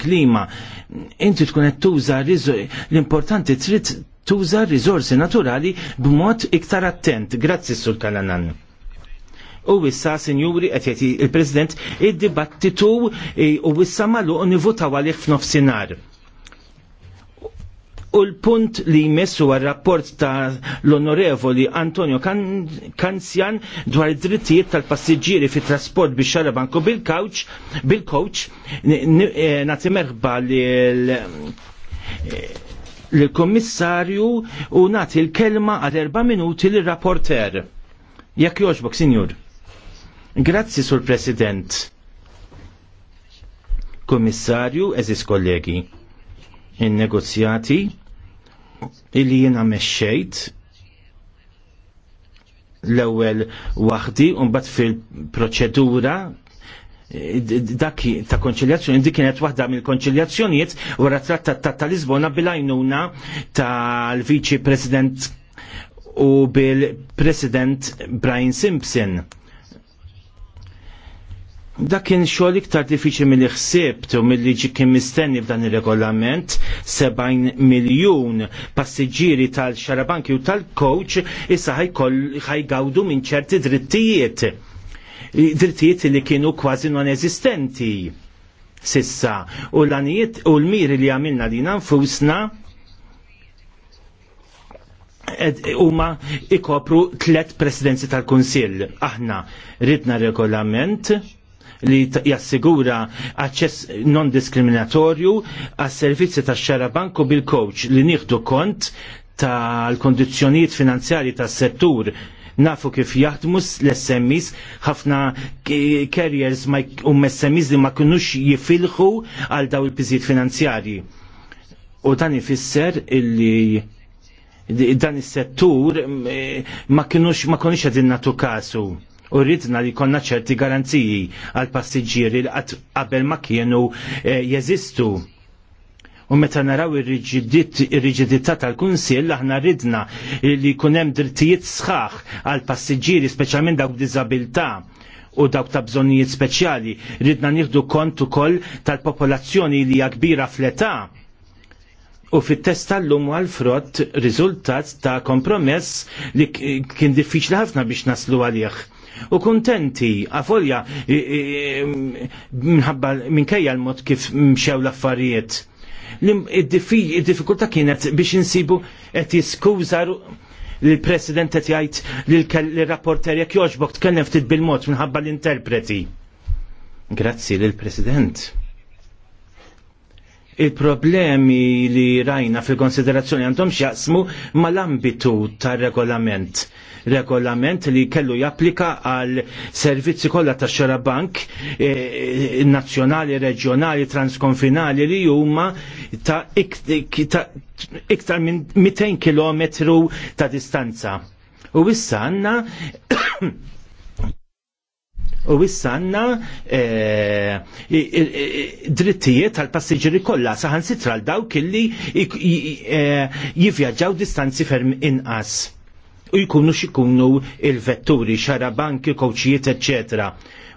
klima, inti tkun qed tuża l-importanti trid tuża riżorsi naturali b'mod iktar attent. Grazzi Sur Kalanan. U wissa, sinjuri, qed jagħti il-President, id-dibattitu e, u wissa magħluq nivutaw għalih f'nofsinhar. U l-punt li jmessu għal-rapport ta' l-onorevoli Antonio Kanzjan dwar id-drittijiet tal-passiġġieri fit trasport biex xarabanku bil-kawċ, bil-kawċ, eh, nati merħba eh, l-komissarju u nati l-kelma għal erba minuti l-rapporter. Jak joġbok, sinjur. Grazzi, sur President. Komissarju, eżis kollegi. In-negozjati illi jiena mexxejt l-ewwel waħdi u mbagħad fil-proċedura dak ta' konċiljazzjoni dik kienet waħda mill-konċiljazzjonijiet wara trattat ta' Lisbona bil-għajnuna tal-Viċi President u bil-President Brian Simpson. Dak kien xogħol iktar diffiċli mill ħsibt u milli ġi kien mistenni f'dan ir-regolament 70 miljun passiġġieri tal-xarabanki u tal-coach issa ħajgawdu minn ċerti drittijiet. Drittijiet li kienu kważi non eżistenti sissa u l-anijiet u l-miri li għamilna li nanfusna huma ikopru tlet presidenzi tal-Kunsill. Aħna ridna regolament li jassigura aċċess non diskriminatorju għas servizzi tax xara banku bil-coach li nieħdu kont tal-kondizjonijiet finanzjari tas-settur nafu kif jaħdmu l-SMIs, ħafna carriers u SMIs li ma kinux jifilħu għal daw il-piżiet finanzjari. U dan ifisser illi dan is-settur eh, ma kinux ma konix qegħdin natu kasu u rridna li konna ċerti garanziji għal passiġġieri li qabel ma kienu eh, jeżistu. U meta naraw ir-riġidità tal-Kunsill aħna ridna li jkun hemm drittijiet sħaħ għal passiġġieri speċjalment dawk b'diżabilità u dawk ta' bżonnijiet speċjali. Ridna nieħdu kont ukoll tal-popolazzjoni li hija kbira fl-età. U fit-test tal-lum għal-frott riżultat ta' kompromess li kien diffiċli ħafna biex naslu għalih u kuntenti għafolja minħabba minkejja l-mod kif mxew l-affarijiet. Id-difikulta kienet biex insibu et jiskuża l-president qed jgħid l-rapporter jekk joġbok tkellem ftit bil-mod minħabba l-interpreti. Grazzi lill president il-problemi li rajna fil-konsiderazzjoni għandhom xjaqsmu mal-ambitu tar-regolament regolament li kellu japplika għal servizzi kollha tax xara bank e, nazzjonali, reġjonali, transkonfinali li huma ta' iktar ik, minn 200 km ta' distanza. U issa għandna U wissanna eh, drittijiet tal passiġġieri kollha saħan sitra l dawk illi eh, jivvjaġġaw distanzi ferm inqas u jkunu xikunu il-vetturi, xarabanki, kowċijiet, eccetera.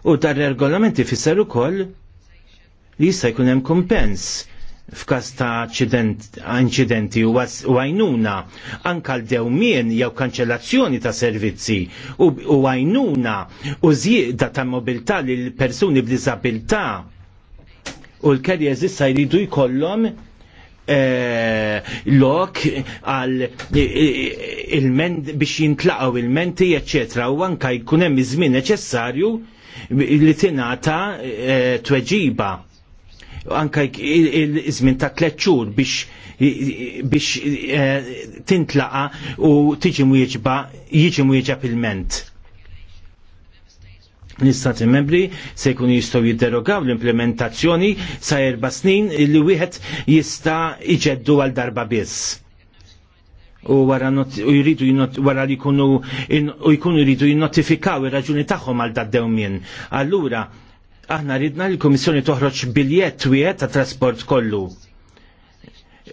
U dar regolamenti fisser ukoll li jista' jkun hemm kumpens f'każ ta' inċidenti u għajnuna anka l-dewmien jew kanċellazzjoni ta' servizzi u għajnuna u zjieda ta' mobilità lil persuni b'disabilta u l-kerjez issa jridu jkollhom eh, lok għal biex jintlaqaw il-menti, eccetera, u anka jkun hemm iż-żmien neċessarju li tingħata eh, tweġiba anka il-żmien ta' tliet biex biex eh, tintlaqa u tiġi mwieġba jiġi mwieġa il-ment l-istati membri se jkun jistgħu jidderogaw l-implementazzjoni sa erba' snin li wieħed jista' iġeddu għal darba biss. U wara jridu wara li jkunu jkunu jridu jinnotifikaw ir-raġuni tagħhom għal dad dewmien. Allura aħna ridna li l-Komissjoni toħroġ biljett wieħed ta' trasport kollu.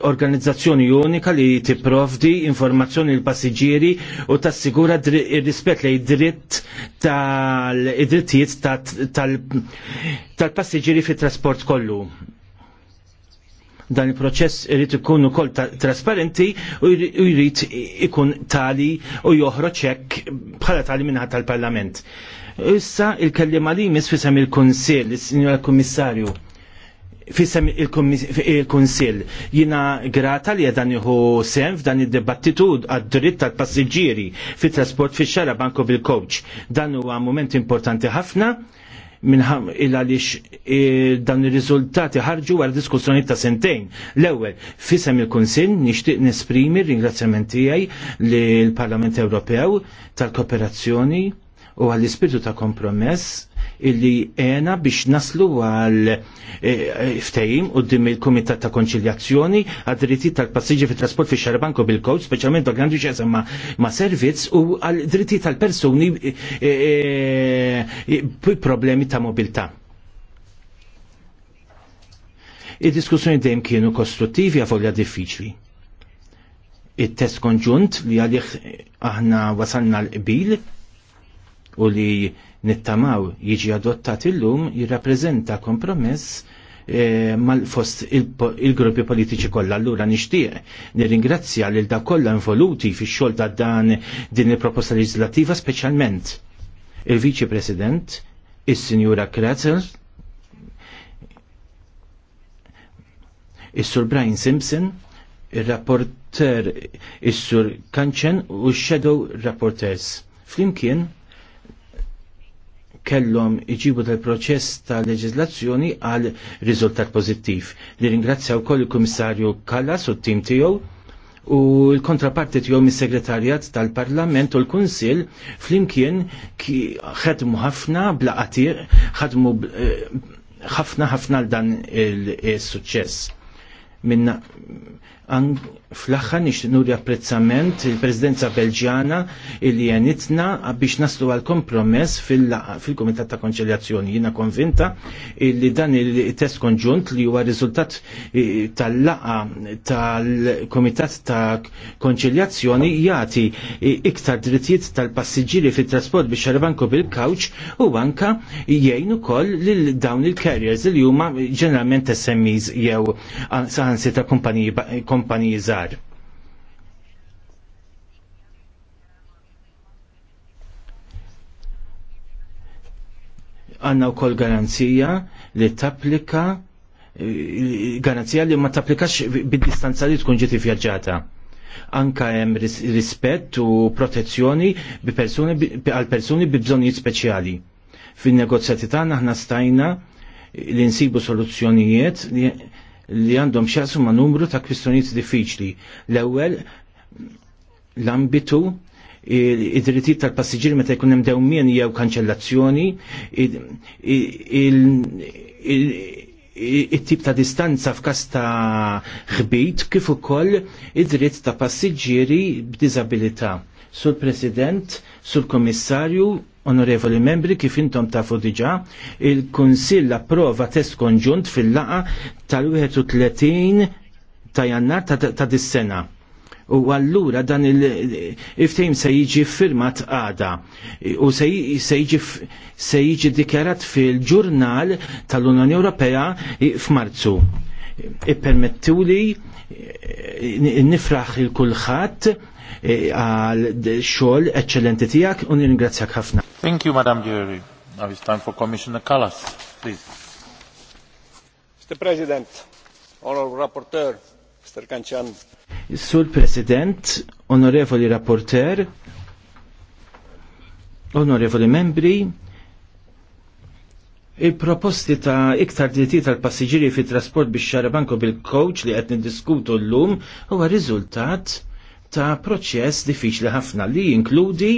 Organizzazzjoni unika li tipprovdi informazzjoni l passiġġieri u tassigura ir-rispett lejn dritt tal-drittijiet tal-passiġġieri fit trasport kollu. Dan il-proċess irrit ikun ukoll trasparenti u jrid ikun tali u joħroġ hekk bħala tali minħat tal-Parlament. Issa il-kellima li jmiss fisem il-Konsil, il-Sinjora komissarju, fissam il-Konsil. Jina grata li għedan juhu sem f'dan id-debattitu għad-dritt tal-passiġġieri fit trasport fi xara banko bil-coach. Dan huwa moment importanti ħafna minn il għaliex eh, dan ir-riżultati ħarġu għal diskussjoni ta' sentejn. L-ewwel fisem il-Kunsill nixtieq nesprimi r għaj tiegħi lill-Parlament Ewropew tal-kooperazzjoni u għall ispirtu ta' kompromess illi għena biex naslu għal eh, eh, ftejim u dim il-Komitat ta' Konċiljazzjoni għad drittijiet tal-passiġi fit trasport fi xarbanko bil-kod, speċjalment dak għandu xesam ma', ma servizz u għal drittijiet tal-persuni e, problemi ta' mobilta' Id-diskussjoni dejjem kienu kostruttivi għafolja diffiċli. Il-test konġunt li għalih aħna wasalna l-qbil u li nittamaw jiġi adottat illum jirrappreżenta kompromess E, eh, mal-fost il-gruppi il politiċi kollha allura nixtieq nirringrazzja lil da kollha involuti fix-xogħol ta' dan din il-proposta leġislattiva speċjalment il-Viċi President is-Sinjura il is-Sur Brian Simpson ir-rapporter is-Sur Kanchen u x-Shadow Rapporters. Flimkien, kellhom iġibu tal-proċess ta' leġizlazzjoni għal riżultat pozittiv. Li ringrazzjaw wkoll il-Kummissarju Kallas u t-tim tiegħu u l-kontraparti tiegħu mis-Segretarjat tal-Parlament u l-Kunsill flimkien ħadmu ħafna blaqatir, ħadmu eh, ħafna ħafna l dan il-suċċess. Minna fl-axħar nixtieq nuri apprezzament il-Presidenza Belġjana li jenitna biex naslu għal kompromess fil-Kumitat ta' Konċiljazzjoni. Jiena konvinta li dan il-test konġunt li huwa rizultat eh, tal-laqa tal-Kumitat ta' Konċiljazzjoni jagħti eh, iktar drittijiet tal-passiġġieri fit-trasport biex jarbanku bil-kawċ u anka jgħin ukoll li dawn il-carriers li huma ġeneralment SMEs jew saħansi ta' kumpaniji kumpaniji żgħar. Għanna wkoll garanzija li tapplika garanzija li ma tapplikax bid-distanza li tkun ġiti vjaġġata. Anka hemm rispett u protezzjoni għal persuni bi bżonijiet speċjali. Fin-negozjati tagħna aħna stajna li nsibu soluzzjonijiet li għandhom xaqsu ma' numru ta' kwistjonijiet diffiċli. L-ewwel l-ambitu id-drittijiet tal-passiġġieri meta jkun hemm dewmien jew kanċellazzjoni, it-tip ta' distanza f'każ ta' ħbit kif ukoll id-dritt ta' passiġġieri b'diżabilità. Sur President, sur Komissarju, Onorevoli membri, kif intom tafu diġa, il-Kunsill approva test konġunt fil-laqa tal-31 ta' jannar ta' dis-sena. U allura dan il-iftejm se jiġi firmat għada u se jiġi dikjarat fil-ġurnal tal-Unjoni Ewropea f'Marzu. Ippermettuli nifraħ il-kulħadd Eh, għal xol eccellenti tijak u nirringrazzjak ħafna. Thank you, Madam Jury. Now it's time for Commissioner Kallas, please. Mr. President, Honorable Rapporteur, Mr. Kanċan. Sur President, Onorevoli Rapporteur, Onorevoli Membri, Il-proposti ta' iktar dritti tal-passiġiri fit trasport biex xarabanko bil-coach li qed niddiskutu l-lum huwa riżultat ta' proċess diffiċli ħafna li jinkludi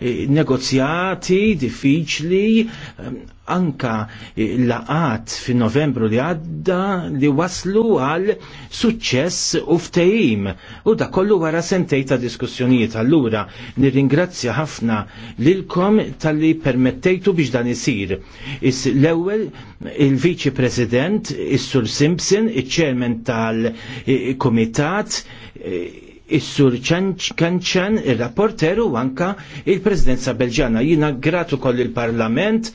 eh, negozjati diffiċli ehm, anka eh, laqat fin novembru li għadda li waslu għal suċċess u ftehim. U da kollu wara sentej ta' diskussjonijiet. Allura nirringrazzja ħafna lilkom tal-li permettejtu biex dan isir. Is l-ewwel il-Viċi President, is-Sur Simpson, iċ-Ċermen tal-Kumitat, eh, is-sur Kanċan, il-rapporter u anka il-Presidenza Belġana. Jina gratu koll il-Parlament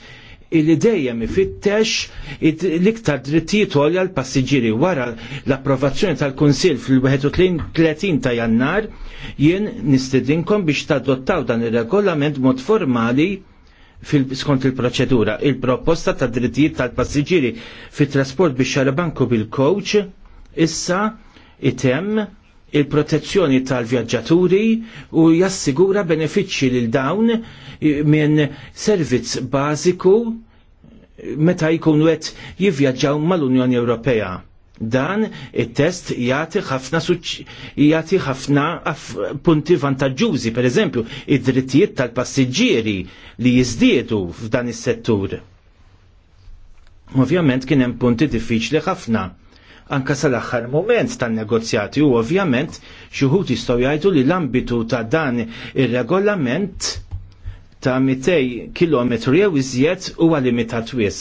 illi dejjem ifittex l-iktar drittijiet għolja l-passiġiri wara l-approvazzjoni tal-Kunsil fil-31 ta' jannar jien nistedinkom biex tadottaw dan ir-regolament mod formali fil-skont il-proċedura. Il-proposta ta' drittijiet tal-passiġiri fit-trasport biex xarabanku bil-coach issa item il-protezzjoni tal-vjaġġaturi u jassigura benefiċċji lil dawn minn servizz bażiku meta jkunu qed jivvjaġġaw mal-Unjoni Ewropea. Dan it-test jagħti ħafna jagħti ħafna punti vantaġġużi, pereżempju, id-drittijiet tal-passiġġieri li jiżdiedu f'dan is-settur. Ovvjament kien hemm punti diffiċli ħafna anka sal-aħħar moment tan-negozjati u ovvjament xi wħud jistgħu jgħidu li l-ambitu ta' dan ir-regolament ta' 200 km jew iżjed huwa limitat wis.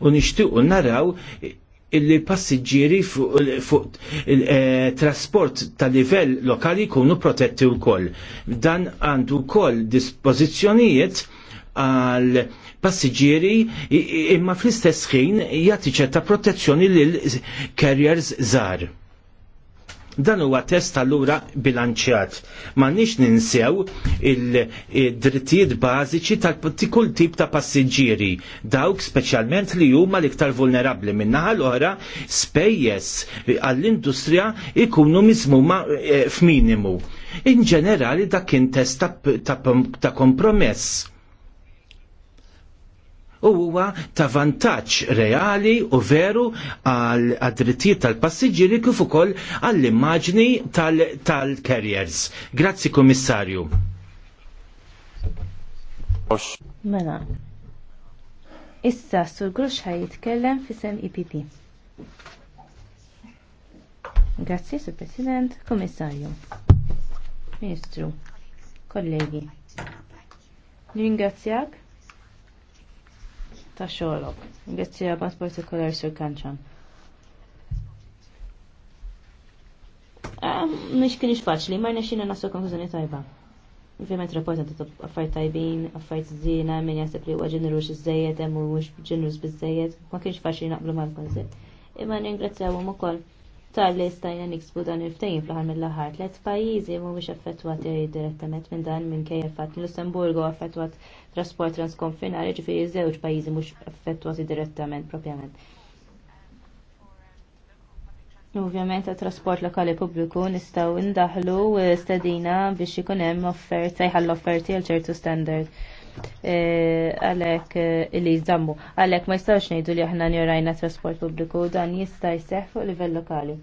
u nixtiequ naraw illi passiġġieri fuq il-trasport eh, ta' livell lokali jkunu protetti wkoll. Dan għandu wkoll dispożizzjonijiet għal passiġġieri imma fl-istess ħin jagħti ċerta protezzjoni lil carriers żgħar. Dan huwa test allura bilanċjat. M'għandniex ninsew il-drittijiet bażiċi tal-kull tip ta' passiġġieri, dawk speċjalment li huma l-iktar vulnerabbli minn naħa l-oħra spejjeż għall-industrija ikunu miżmuma eh, f'minimu. In ġenerali dak kien test ta', ta, ta kompromess u huwa ta' vantaġġ reali u veru għal drittijiet tal-passiġġieri kif ukoll għall-immaġni tal-carriers. -tal Grazzi Kummissarju. Mela. Issa sur Grux ħajitkellem fisem IPP. E Grazzi, Sur President, Komissarju, Ministru, kollegi. Ringrazzjak ta' xogħolok. Grazzi għabat partikolar sur kanċan. Ah, mhix kienx faċli, ma xina nasu konklużjoni tajba. Ovvjament rapport ta' affarijiet tajbin, affarijiet zina, min jaħseb li huwa ġenerux iżejjed hemm mhux ġenerus biżejjed, ma kienx faċli naqblu mal-konsill. Imma ningrazzjawhom ukoll tal-li stajna niksbu dan il-ftejn fl-ħar mill-ħar. Tlet pajjiżi mhumiex affettwati direttament minn dan minn kejja fatt Lussemburgu affettwat trasport transkonfinari ġifiri żewġ pajjiżi mhux effettwati direttament propjament. Ovvjament għat trasport lokali pubbliku nistgħu ndaħlu eh, stedina biex ikun hemm sejħa l offerti għal ċertu standard eh, għalek eh, li jizdammu. Għalek ma jistawx nejdu li aħna njorajna trasport publiku dan jista jseħ fuq livell lokali.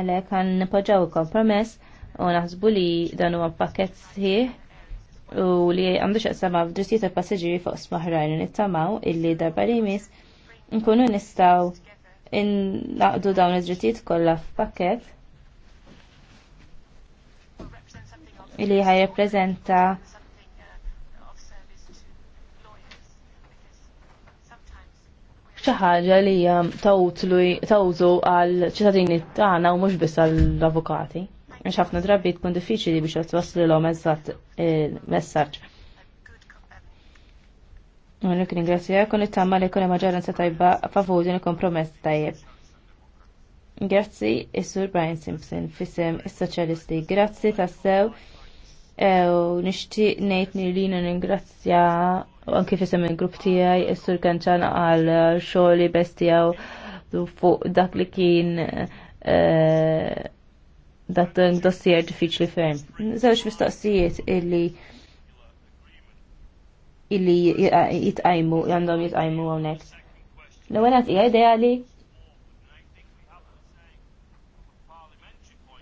Għalek għan nipoġaw kompromess u naħsbu li dan huwa pakket sħiħ u li għandu xaqsama f'drittijiet ta' passiġġieri fuq smaħrajn nittamaw illi darba li jmiss nkunu nistaw naqdu dawn id-drittijiet kollha f'pakket illi ħajrepreżenta xi ħaġa li hija tawżu għal ċittadini tagħna u mhux biss għall-avukati għax ħafna drabi tkun diffiċli biex twaslu l-om eżatt il-messaġġ. Eh, Unik ringrazzja kun it-tamma li kun maġġoranza tajba favur din kompromess tajib. Grazzi is-Sur Brian Simpson fissem il soċjalisti Grazzi tassew u nixtieq ngħid li lina ningrazzja anke fisem il-grupp tijaj is-Sur Kanċan għal xoli bestijaw fuq dak li kien eh, dat eh, dossier diffiċli ferm. Żewġ mistoqsijiet illi illi jitqajmu, għandhom jitqajmu għonek. L-ewwel qed hija ideali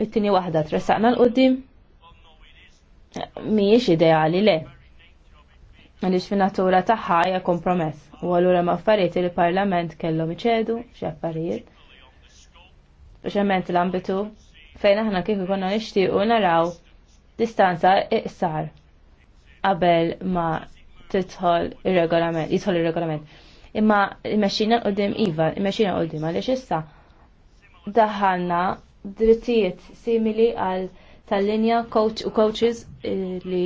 it-tieni waħda tressaqna l-qudiem mhijiex ideali le. Għalix fin-natura tagħha hija kompromess u allura ma' affarijiet il-Parlament kellhom iċedu xi affarijiet. Speċjalment l-ambitu fejn aħna kif ikonna nixtiequ naraw distanza iqsar qabel ma tidħol ir-regolament, jidħol ir-regolament. Imma il mexina qudiem iva, il mexina qudiem għaliex issa daħalna drittijiet simili għal tal-linja coach u coaches eh, li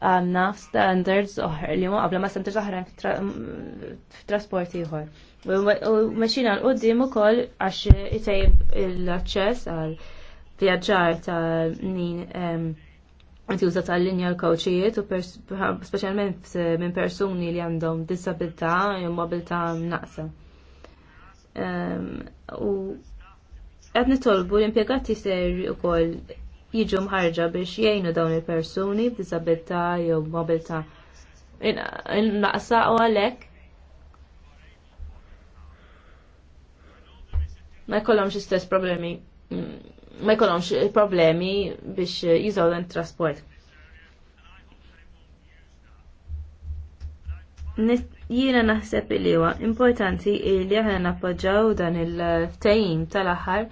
għanna standards oħra li ma qabla ma standards oħra f trasport ieħor. U meċina l u ukoll għax itejb l-aċċess għal vjaġġar ta' min għatjuża tal-linja l-kawċijiet u specialment minn persuni li għandhom disabilità jew mobilità naqsa. U għed nitolbu l-impiegati ser u jiġu mħarġa biex jgħinu dawn il-persuni b'disabilità jew mobilità naqsa u għalek. Ma jkollhomx istess problemi mm, ma jkollhomx problemi biex jużaw dan trasport. Jiena naħseb li huwa importanti li aħna nappoġġaw dan il-ftehim tal-aħħar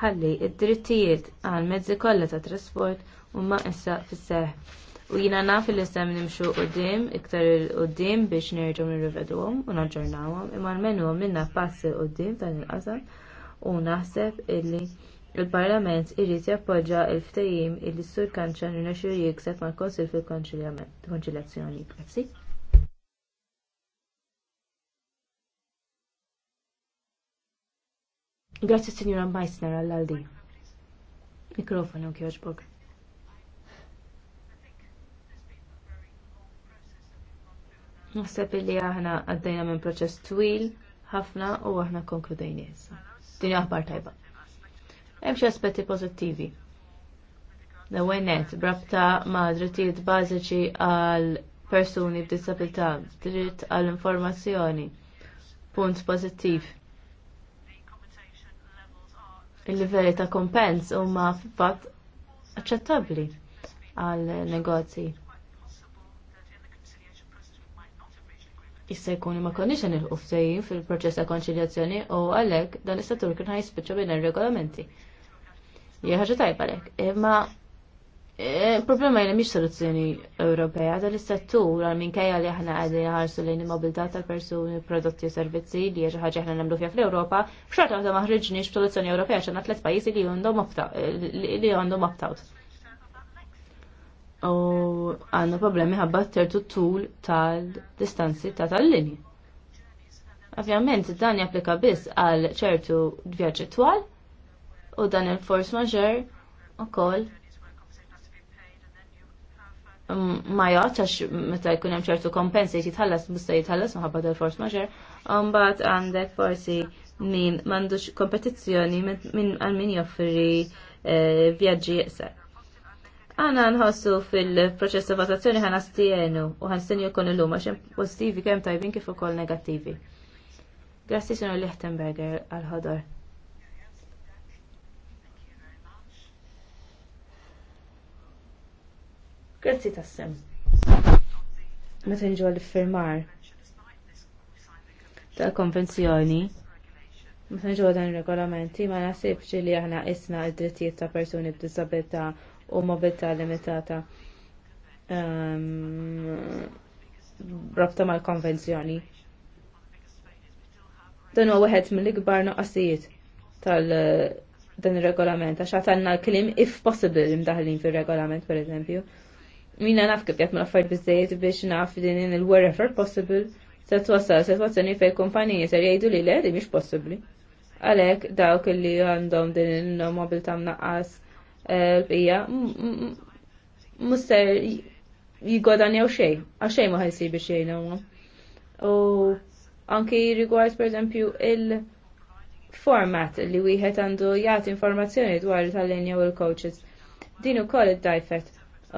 ħalli id-drittijiet għal mezzi kollha ta' trasport huma issa fis-seħ. U jiena naf li sem nimxu qudiem iktar il qudiem biex nerġgħu nirrivedhom u naġġornawhom imma almenu minna passi qudiem dan il-qasam u naħseb illi Il-Parlament irid jappoġġa l-ftehim li s-Sur Kanċan Rinaxxu jikseb mal-Konsil fil-Konċiljazzjoni. Grazzi. Grazzi Sinjura Meissner għall-għaldi. Mikrofonu kjoġbog. Naħseb li aħna għaddejna minn proċess twil ħafna u aħna konkludejni issa. Din aħbar tajba hemm xi aspetti pożittivi. L-ewwel nett, brabta ma' drittijiet bażiċi għal persuni b'disabilità, dritt għall informazzjoni. Punt pożittiv. Il-livelli ta' kompens huma fatt aċċettabbli għal negozji. Issa jkun ma konniex nilqu fil-proċess ta' konċiljazzjoni u għalhekk dan is-settur kien ħajspiċċa bejn ir-regolamenti ħaġa tajba lek. Imma eh, problema jena miex soluzzjoni Ewropea da l settur għal minkejja li aħna qegħdin ħarsu lejn il mobilta tal-persuni, prodotti u servizzi li hija ħaġa aħna nagħmlu fiha fl-Ewropa, b'xorta waħda ma ħriġniex b'soluzzjoni Ewropea x'għandna tliet pajjiżi li għandhom li għandhom opt-out. U għandna problemi ħabba tertu tul tal-distanzi ta' tal-linji. Ovvjament dan japplika biss għal ċertu vjaġġi twal, u dan il-force majeure, u koll ma jaċax meta jkun hemm ċertu kompensi jitħallas bista jitħallas maħabba tal-force major, mbagħad għandek forsi min m'għandux kompetizzjoni minn għal min joffri eh, vjaġġi jeqsar. Għana nħossu fil-proċess ta' votazzjoni ħana stijenu u ħan stijenu kon il-lum għaxem pozitivi kem tajbin kif ukoll negattivi. Grazie sinu Lichtenberger għal-ħodor. Grazzi tassem. Meta nġu għal-firmar tal-konvenzjoni, meta nġu dan regolamenti ma nasibx li aħna isna id-drittijiet ta' persuni b'disabilità u mobilità limitata ehm, rabta mal-konvenzjoni. Dan huwa wieħed mill-ikbar noqqasijiet tal- dan ir regolament għax għatanna l-klim if possible imdaħlin fil regolament per eżempju. Mina naf kif jgħat mal bizzejiet biex naf din il-wherever possible se twassal situazzjoni fej kumpaniji ser jgħidu li le di mhix possibbli. Għalhekk dawk li għandhom din il mobil tam naqqas eh, l-bqija muster jigodanjaw xejn, għax xejn ma si biex jgħinhom. U anki rigward pereżempju il- format li wieħed għandu jagħti informazzjoni dwar it-tallenja u l-coaches. Din ukoll id-dajfet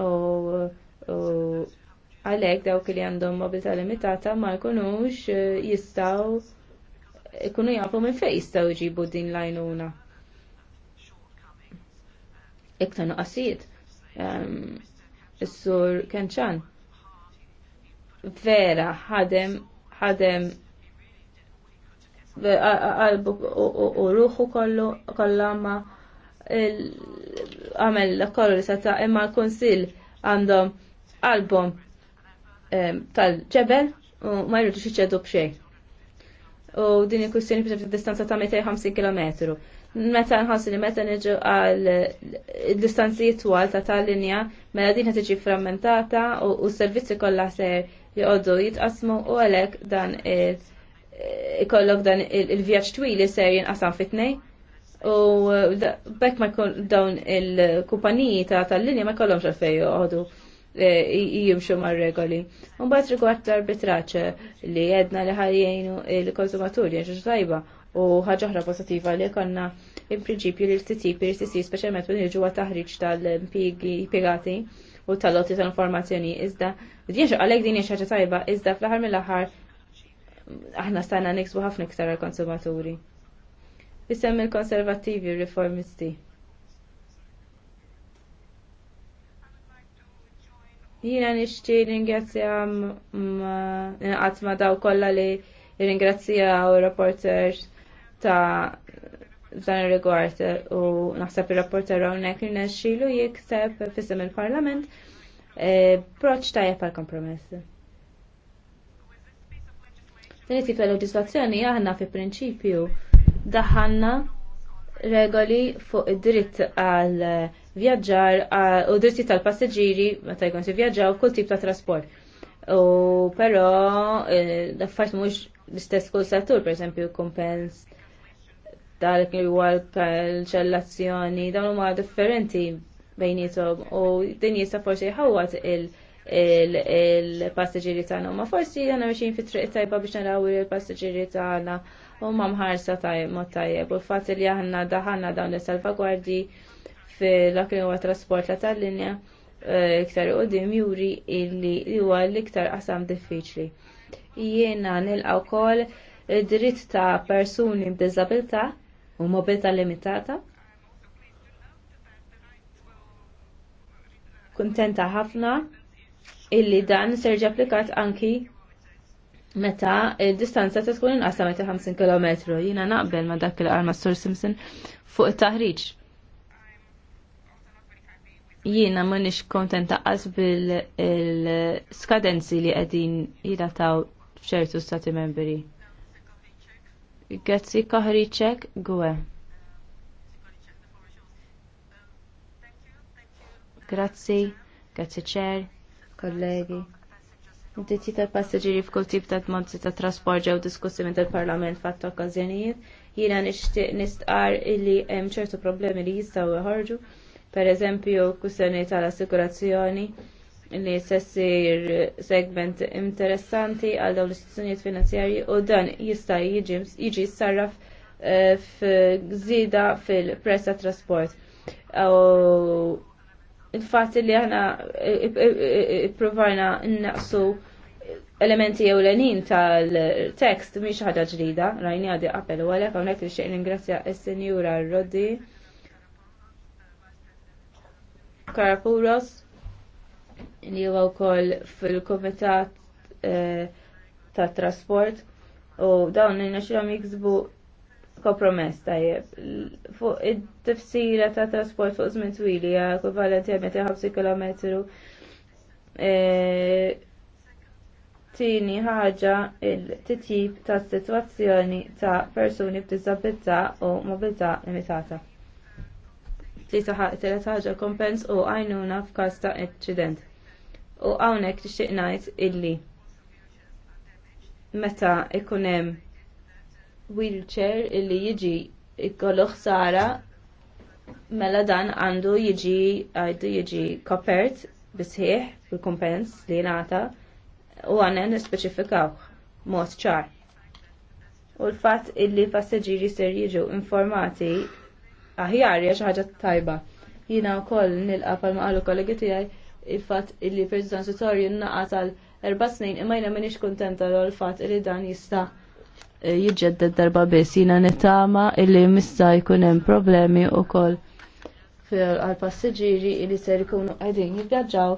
u għalhekk dawk li għandhom mobilità limitata ma jkunux jistgħu ikunu jafu minn fejn jistgħu jġibu din l Iktar nuqqasijiet. Is-sur Kenċan vera ħadem ħadem qalbu u ruħu kollu kollama għamel kollu li seta' imma l-Konsil għandhom album tal-ġebel u ma jridux iċċedu b'xejn. U din il-kwistjoni biex distanza ta' 250 km. Meta li meta niġu għal distanzi twal ta' tal-linja, mela din qed tiġi frammentata u s-servizzi kollha ser joqogħdu jitqasmu u għalhekk dan ikollok dan il-vjaġġ twili ser jinqasam fit-tnejn U uh, bekk ma jkun dawn il-kumpaniji ta' tal-linja ma jkollhomx għalfejn joqogħdu eh, jimxu mar regoli. Mbagħad rigward l-arbitraċ li jedna li ħajjejnu il-konsumaturi għax tajba u ħaġa oħra pożittiva li konna il-prinċipju li l per l speċjalment minn il-ġuwa taħriġ tal-impjegati u tal-lotti tal-informazzjoni iżda. Dinx għalhekk din hija ħaġa tajba iżda fl-aħħar mill-aħħar aħna stajna niksbu ħafna iktar għal konsumaturi jisem il-konservativi riformisti. Jina nishti ringrazzja għatma daw kolla li ringrazzja u rapporter ta' dan il-rigward u naħseb il-rapporter għonek li nesċilu jikseb fissem il-parlament e, proċ tajja pal kompromess. Din it-tip ta' aħna fi prinċipju daħanna regoli fuq id-dritt għal vjaġġar u dritti tal passiġġieri meta jkun se vjaġġaw kull tip ta' trasport. U però eh, l-affarijiet mhux l-istess kull settur, pereżempju kumpens dak li huwa l-ċellazzjoni, dawn huma differenti bejnietom u din jista' forsi jħawat il passiġġieri tagħna. Ma forsi għandna mexjin fit-triq tajba biex naraw il passiġġieri tagħna u mamħarsa tajjeb ma tajjeb u l-fatt li aħna daħanna dawn is salvagwardi fil-lakrin huwa trasport ta' tal-linja eh, iktar u juri illi huwa l-iktar qasam diffiċli. Jiena nilqa' wkoll id-dritt ta' persuni b'diżabilità u mobilità limitata kuntenta ħafna illi dan serġa applikat anki meta distanza ta' tkun inqas meta 50 km. Jina naqbel ma' dak il-arma Sur Simpson fuq it-taħriġ. Jiena nix kontenta qas bil-skadenzi li qegħdin jirataw f'ċertu stati membri. Grazzi ċek, Gwe. Grazzi, grazzi ċer, kollegi. Ditti tal-passagġiri f'kull tip ta' mozzi ta' trasport ġew diskussi minn tal-Parlament fatta okkażjonijiet, jiena nixtieq nistqar illi hemm ċertu problemi li jistgħu Per pereżempju kwistjoni tal-assigurazzjoni li se ssir segment interessanti għal dawn l-istituzzjonijiet finanzjarji u dan jista' jiġi sarraf eh, f'żida fil press tat trasport il-fatt li aħna e, e, e, provajna naqsu elementi ewlenin tal-tekst miex ħaġa ġrida, rajni għadi appell u għalek għonek li xeqn ingrazzja s-senjura Roddi Karapuros li huwa wkoll fil-komitat ta' trasport u dawn li naxilhom jiksbu kompromess tajjeb. Fuq id-tifsira ta' trasport fuq żmien twili ja ekwivalenti għal 250 km. E, tini ħaġa il-titjib ta' situazzjoni ta' persuni b'disabilità u mobilità limitata. Tisa ħaġa ħaġa kompens u għajnuna f'każ ta' incident. U hawnhekk tixtieq ngħid illi meta ikun hemm wheelchair illi jiġi jkollu sara mela dan għandu jiġi għajdu jiġi kopert bisħieħ bil kompens li nata u għanen nispeċifikaw mod ċar. U l-fat illi passeġiri ser jiġu informati aħjar xi ħaġa tajba. Jina wkoll nilqa' palma qalu kollegi tiegħi il-fatt illi per transitorju nnaqa' tal erba' snin imma jina minix kontenta l fatt illi dan jista' Eh, jiġġedded darba biss jina nittama illi mista jkun hemm problemi wkoll għal passiġġieri li ser ikunu qegħdin jivvjaġġaw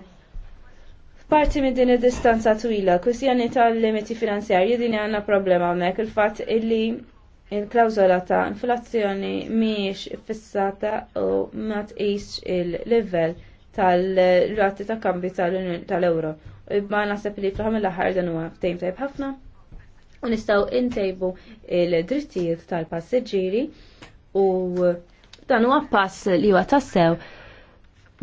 Parti minn din id-distanza twila, kwistjoni tal-limiti finanzjarji din għandna problema hemmhekk il-fatt illi il klawzola ta' inflazzjoni mhijiex fissata u ma tqis il-livell tal-rati ta' kambi tal-euro. Imma naħseb li fl-ħamil l-aħħar dan huwa ftejm tajb ħafna u nistgħu intejbu il-drittijiet tal-passiġġieri u dan huwa pass li huwa tassew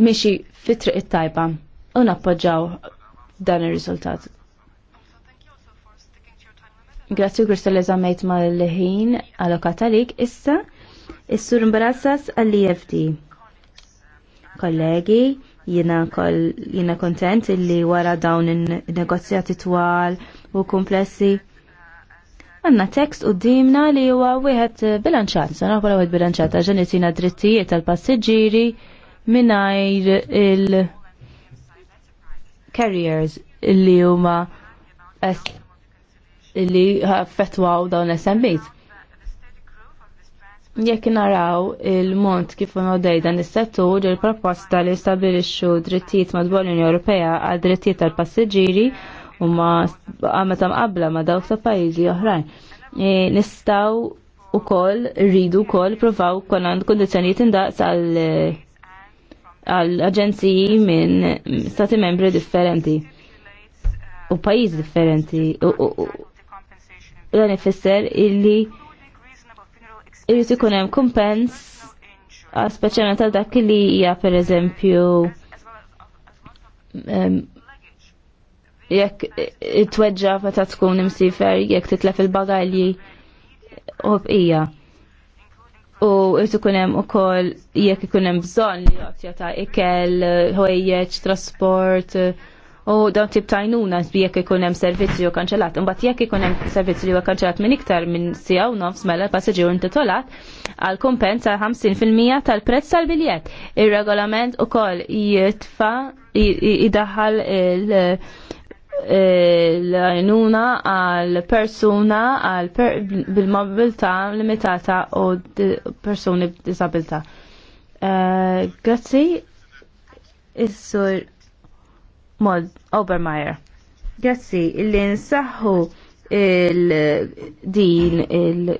mixi fit-triq it-tajba u nappoġġaw dan ir-riżultat. Grazzi Kristel li żammejt mal-ħin allokat għalik issa is-sur imbarazzas għall-EFD. Kollegi, jina, kol, jina kontent illi wara dawn in-negozjati twal u komplessi Għanna tekst u dimna li huwa wieħed bilanċat, sana kolla wieħed bilanċat, għaxan jitina drittijiet tal-passiġġieri mingħajr il-carriers li huma li fetwaw dawn SMBs. Jekk naraw il-mont kif dej dan is-settur il-proposta li stabilixxu drittijiet madwar l-Unjoni Ewropea għal drittijiet tal-passiġġieri u ah, ma tam qabla ma dawk ta' pajjiżi oħrajn. E, nistaw u kol, rridu kol, provaw kon għand kondizjoniet indaqs għal għal aġenziji minn stati membri differenti u pajjiż differenti dan ifisser illi irrid ikun hemm kumpens ah, speċjalment għal dak li hija pereżempju jekk it-tweġġa meta tkun imsifer jekk titlef il-bagalji u bqija. U irtu kunem u kol jekk hemm bżon li jotja ta' ikel, ħwejjeġ, trasport, u dawn tip ta' jnuna jekk ikunem servizzi u kanċellat. Mbatt jekk ikunem servizzi huwa kanċellat minn iktar minn sija u nofs mela l-passagġi u intitolat għal kompens għal 50% tal-prezz tal-biljett. ir regolament u kol jitfa jidaħal il- l-għajnuna għal persuna għal bil-mobilta limitata u persuni b'disabilta. Eh, grazzi, is-sur Mod Obermeyer. Grazzi, illi nsaħħu il-din il-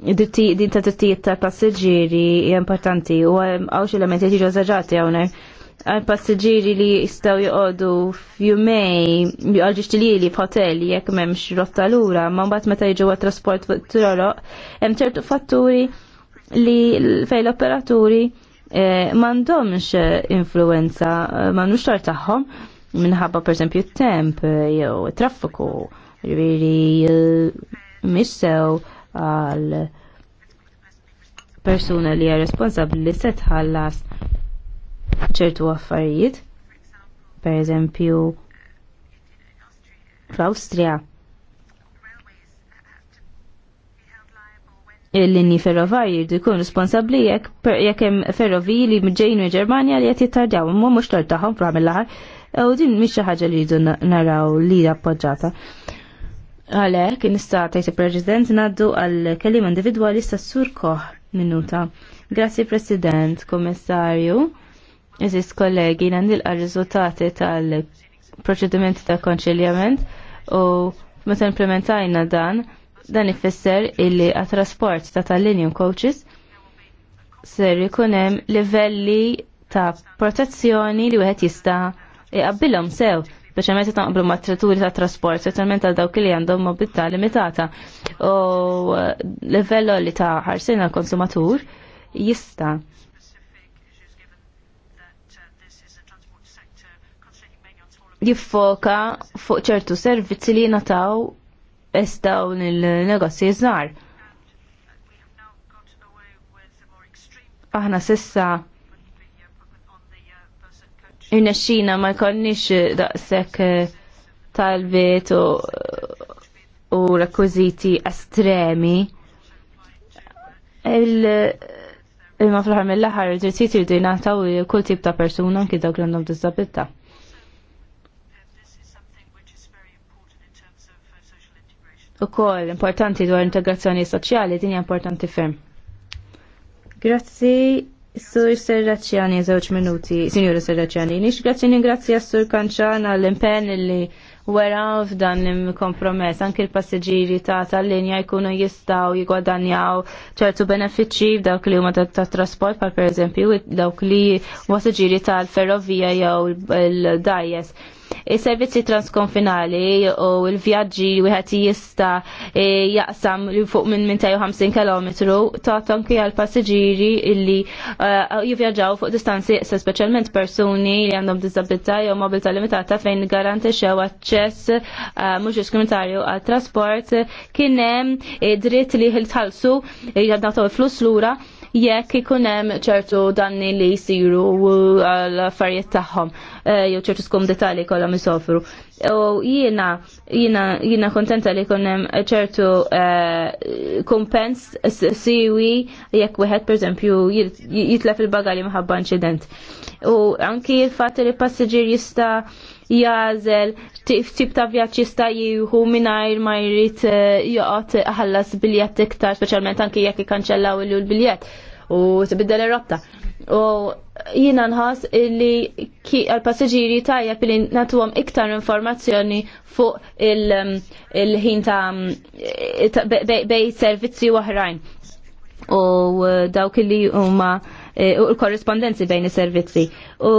din ta' tittijiet ta' importanti u għawx il-lamenti ġiġu zaġati għawnek għal passagġiri li jistaw joqodu fjumej, għal ġiċtilili f'hotel jekk memx rotta l-ura, ma mbagħad meta jiġu trasport troloq, hemm ċertu fatturi li fej l-operaturi eh, m'għandhomx eh, influenza, eh, m'għandux tar tagħhom minħabba per t-temp jew traffiku, ġifieri missew għal persuna li hija responsabbli li se tħallas ċertu affarijiet, per eżempju fl-Awstrija. Il-linji ferrovarji jridu jkun responsabbli jekk jekk hemm ferroviji li mġejn Ġermanja li qed jittardjaw imma mhux tort tagħhom fl l aħħar U din mhix xi ħaġa li jridu naraw li appoġġata. Għalhekk nista' tgħid il-President ngħaddu għal kelliem individwali sa' sur koħ minuta. Grazzi President, Kommissarju. Iżis kollegi, nandilqa rizultati tal-proċedimenti ta' konċiljament u meta implementajna dan, dan ifisser illi għat-trasport ta' tal-linjum coaches ser jikunem livelli ta' protezzjoni li wieħed jista' iqabbilhom sew biex meta taqblu ma' trituri ta' trasport, speċjalment għal dawk li għandhom mobilità limitata. U eh, livello li ta' ħarsina konsumatur jista' jiffoka fuq ċertu servizzi li nataw estaw il-negozji żgħar. Aħna sissa Irnexxina ma jkollniex daqshekk eh, tal u, u rekwiżiti estremi. il fl-ħar mill aħħar id-drittijiet irdu jingħataw kull tip ta' persuna anki dawk li għandhom disabilità. ukoll importanti dwar integrazzjoni soċjali din hija importanti ferm. Grazzi Sur Serraċjani, żewġ minuti, Sinjura Serraċjani, nix grazzi ningrazzi Sur Kanċan għall impen li wera f'dan il-kompromess, anki l-passiġiri ta' tal-linja jkunu jistaw jigwadanjaw ċertu benefiċċji f'dawk li huma ta' trasport pal per eżempju dawk li passiġiri tal-ferrovija jew l-dajjes servizzi transkonfinali u l-vjaġġi wieħed jista eh, jaqsam li fuq minn 250 km ta' tonki għal passiġiri illi eh, jivvjaġġaw fuq distanzi iqsa speċjalment persuni li għandhom disabilità jew mobilità limitata fejn garantixxew aċċess eh, mhux diskriminatorju għal trasport kien hemm dritt li ħiltħallsu jgħadnaw il-flus lura jekk ikun hemm ċertu danni li jsiru uh, għal affarijiet tagħhom uh, jew ċertu skum detali kollhom isofru. U jiena jiena jiena kontenta li jkun hemm ċertu uh, kumpens siwi jekk wieħed pereżempju jitlef il-bagali minħabba inċident. U anki l-fatt li passiġġier jista' jazel tip ta' vjaċ jista' jieħu mingħajr ma jrid eh, joqgħod ħallas biljett iktar, speċjalment anke jekk ikkanċellaw ilu l-biljett u tbiddel ir-rotta. U jiena nħoss li għal-passagġiri tajja li natuwam iktar informazzjoni fuq mm, il-ħin ta' mm, bej servizzi oħrajn u eh, dawk li huma eh, u l-korrespondenzi bejn is-servizzi. U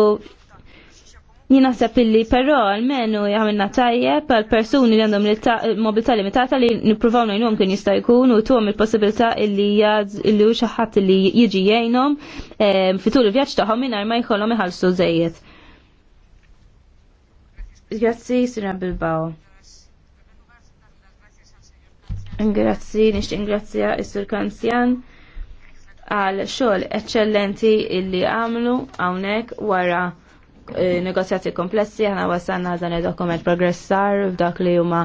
Jien naħseb illi però almenu jagħmilna tajjeb għal persuni li għandhom mobilità limitata li nippruvaw ngħinhom kien jista' jkun u tuħom il-possibilità illi illi hu xi ħadd li jiġi jgħinhom ehm, fitul il-vjaġġ tagħhom mingħajr ma jkollhom iħallsu żejjed. Grazzi, Sra Bilbao. Ingrazzi, nix ingrazzja Isur Kanzjan għal xogħol eċċellenti illi għamlu hawnhekk wara Eh, negozjati komplessi, ħana wasanna dan il-dokument progressar f'dak li huma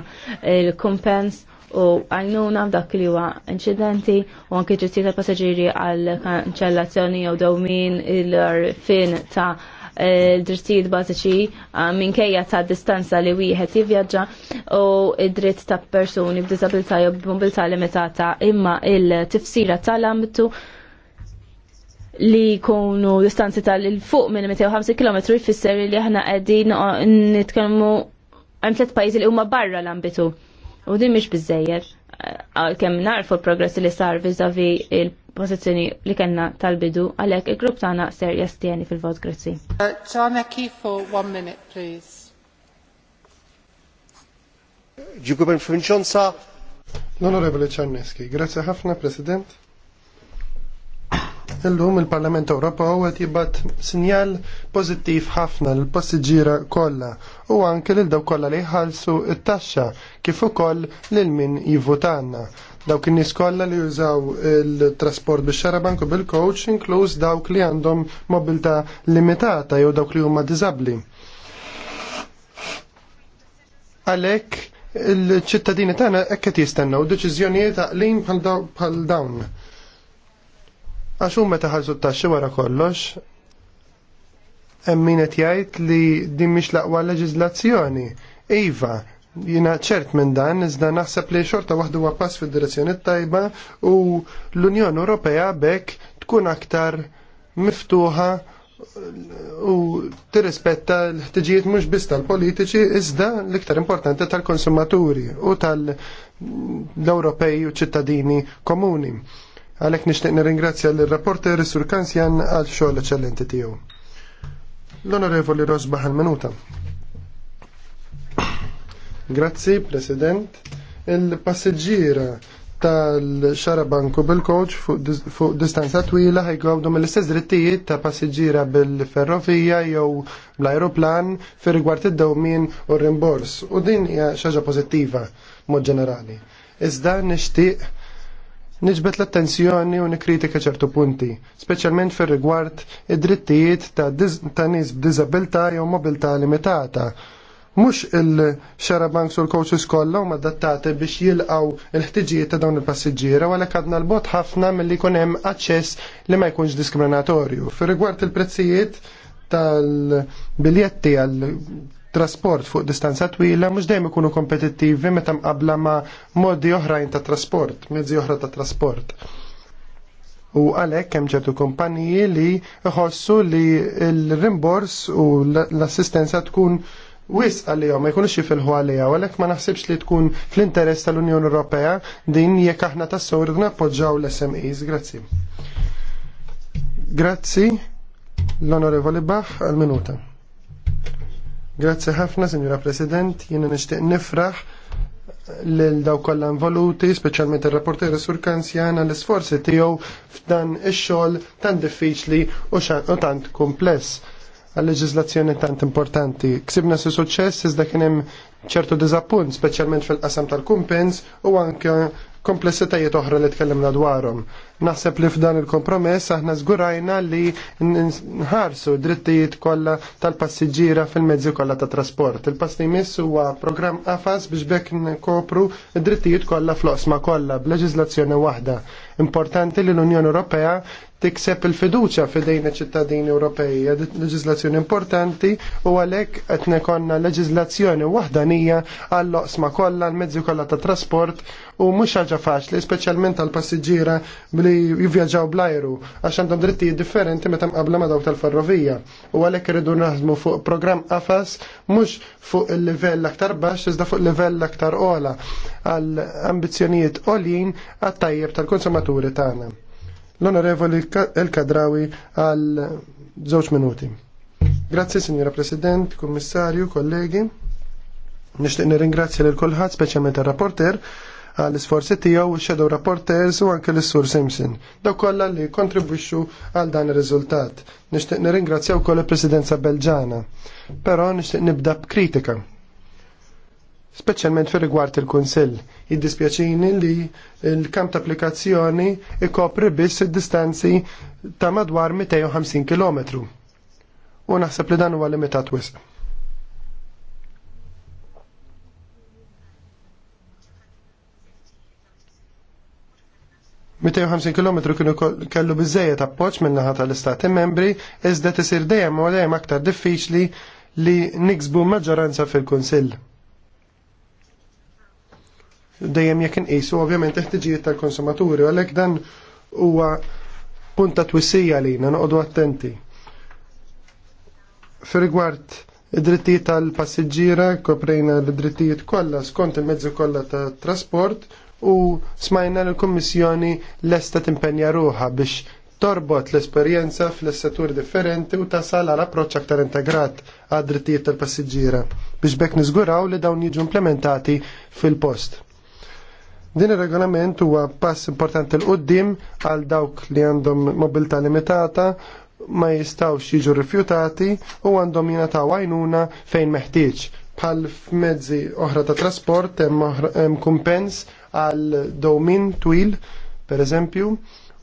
il-kumpens u għajnuna f'dak li huwa incidenti u anke ġitti ta' passaġiri għal kanċellazzjoni jew dawmin il-fin ta' drittijiet bażiċi eh, minkejja ta' distanza li wieħed jivvjaġġa u id-dritt ta' persuni b'disabilità jew b'mobilità limitata imma il-tifsira tal-ambitu li jkunu distanzi tal-fuq minn 250 km jfisser li aħna qegħdin nitkellmu hemm tliet pajjiżi li huma barra l-ambitu. U din mhix biżejjer kemm narfu l-progress li sar viżavi il-pożizzjoni li kellna tal-bidu għalhekk il-grupp tagħna ser jastieni fil-vot Grazzi. Ġana uh, kifu one minute please. Dziękuję Pani Onorevole Czarneski, grazie ħafna President. Illum il-Parlament Ewropew qed jibgħat sinjal pożittiv ħafna l passiġġiera kollha u anke lil dawk kollha li jħallsu it-taxxa kif ukoll lil min jivvutanna. Dawk in-nies kollha li jużaw il-trasport bix-xarabank u bil-coach inkluż dawk li għandhom mobilità limitata jew dawk li huma diżabbli. Għalhekk il-ċittadini tagħna hekk qed jistennew deċiżjonijiet għaqlin bħal dawn Għax meta taħarsu t-taxxi wara kollox, hemm min qed jgħid li din mix l'aqwa leġizlazzjoni. leġiżlazzjoni. Iva, jina ċert minn dan, iżda naħseb li xorta waħdu huwa pass fid-direzzjoni tajba u l-Unjoni Ewropea bekk tkun aktar miftuħa u tirrispetta l-ħtiġijiet mhux biss tal-politiċi iżda l-iktar importanti tal-konsumaturi u tal-Ewropej u ċittadini komuni. Għalek nishtiq nirringrazzja l-rapporter Sur Kansjan għal xogħol eċċellenti tiegħu. L-Onorevoli Rosbaħ minuta. Grazzi, President. Il-passeġġiera tal-xarabanku bil-koċ fuq distanza twila ħajgħawdu mill-istess drittijiet ta' passiġġiera bil-ferrovija jew bl-aeroplan fir rigward id-dawmin u r-rimbors. U din hija xaġa pożittiva mod ġenerali. Iżda nixtieq niġbet l-attenzjoni u nikritika ċertu punti, speċjalment fir rigward id-drittijiet ta', ta nies b'diżabilità jew mobilità limitata. Mhux il xarabank sul l-coaches kollha huma adattati biex jilqgħu l-ħtiġijiet ta' dawn il-passiġġiera għalhekk għadna l-bot ħafna milli jkun hemm aċċess li ma jkunx diskriminatorju. Fir rigward il-prezzijiet tal-biljetti għal trasport fuq distanza twila mhux dejjem ikunu kompetittivi meta mqabla ma' modi oħrajn ta' trasport, mezzi oħra ta' trasport. U għalhekk hemm ċertu kumpaniji li jħossu li l-rimbors u l-assistenza tkun Wis għalija, ma jkunux jifilħu għalija, għalek ma naħsibx li tkun fl-interess tal-Unjoni Ewropea din jekk aħna tas-sowr nappoġġaw l-SMEs. Grazzi. Grazzi l-Onorevoli Bach għal-minuta. Grazzi ħafna, Signora President, jiena nishtiq nifraħ lil daw kollha involuti, speċjalment ir-rapporter Sur Kanzjana l-isforzi tiegħu f'dan ix-xogħol tant diffiċli u tant kumpless għal leġizlazzjoni tant importanti. Ksibna su suċċess iżda kien hemm ċertu diżappunt, speċjalment fil-qasam tal-kumpens u anke komplessitajiet oħra li tkellimna dwarhom. Naħseb li f'dan il-kompromess aħna żgurajna li nħarsu drittijiet kollha tal-passiġġiera fil-mezzi kollha ta' trasport. Il-pass huwa programm qafas biex bekk nkopru d-drittijiet kollha fl-oqsma kollha b'leġiżlazzjoni waħda. Importanti li l-Unjoni Ewropea tikseb il-fiduċa fidejn iċ-ċittadini Ewropej. Leġiżlazzjoni importanti u għalhekk qed nekonna leġiżlazzjoni waħdanija għall oqsma kollha l-mezzi kollha ta' trasport u mhux ħaġa faċli, speċjalment għal passiġġiera li jivvjaġġaw bl-ajru għax għandhom drittijiet differenti meta mqabbla ma' dawk tal-ferrovija. U għalhekk irridu naħdmu fuq programm qafas mhux fuq il-livell aktar baxx iżda fuq il-livell aktar ola għal ambizzjonijiet għolin għat-tajjeb tal-konsumatur l-ispettaturi tagħna. L-Onorevoli El-Kadrawi għal żewġ minuti. Grazzi, Signora President, Kummissarju, kollegi. Nixtieq nirringrazzja lil kulħadd, speċjalment ir-rapporter, għall isforzi tiegħu shadow rapporters u anke l-Sur Simpson. Daw kollha li kontribwixxu għal dan ir-riżultat. Nixtieq nirringrazzja wkoll il-Presidenza Belġana. Però nixtieq nibda b'kritika speċjalment fir rigward il-Kunsill. Jiddispjaċini li l-kamp ta' applikazzjoni ikopri biss id-distanzi ta' madwar 250 km. U naħseb li dan huwa limitat wisq. Mitej 50 km kienu kellu bizzejet appoċ minnaħa tal-istati membri, iżda t-sir dejjem u dejem aktar diffiċli li niksbu maġġoranza fil-Kunsill dejjem jekk inqisu ovvjament il-ħtiġijiet tal-konsumaturi u għalhekk dan huwa punta twissija lina noqogħdu attenti. Fir-rigward id-drittijiet tal-passiġġiera koprejna l-drittijiet kollha skont il-mezzi kollha ta' trasport u smajna l-Kummissjoni lesta timpenja ruħa biex torbot l-esperjenza fl-settur differenti u tasal għal approċċ aktar integrat għad drittijiet tal-passiġġiera biex bekk niżguraw li dawn jiġu implementati fil-post. Din ir-regolament huwa pass importanti l-qoddim għal dawk li għandhom mobilta limitata ma jistawx jiġu rifjutati u għandhom jingħataw għajnuna fejn meħtieġ. Bħal f'mezzi oħra ta' trasport hemm kumpens għal domin twil, per eżempju,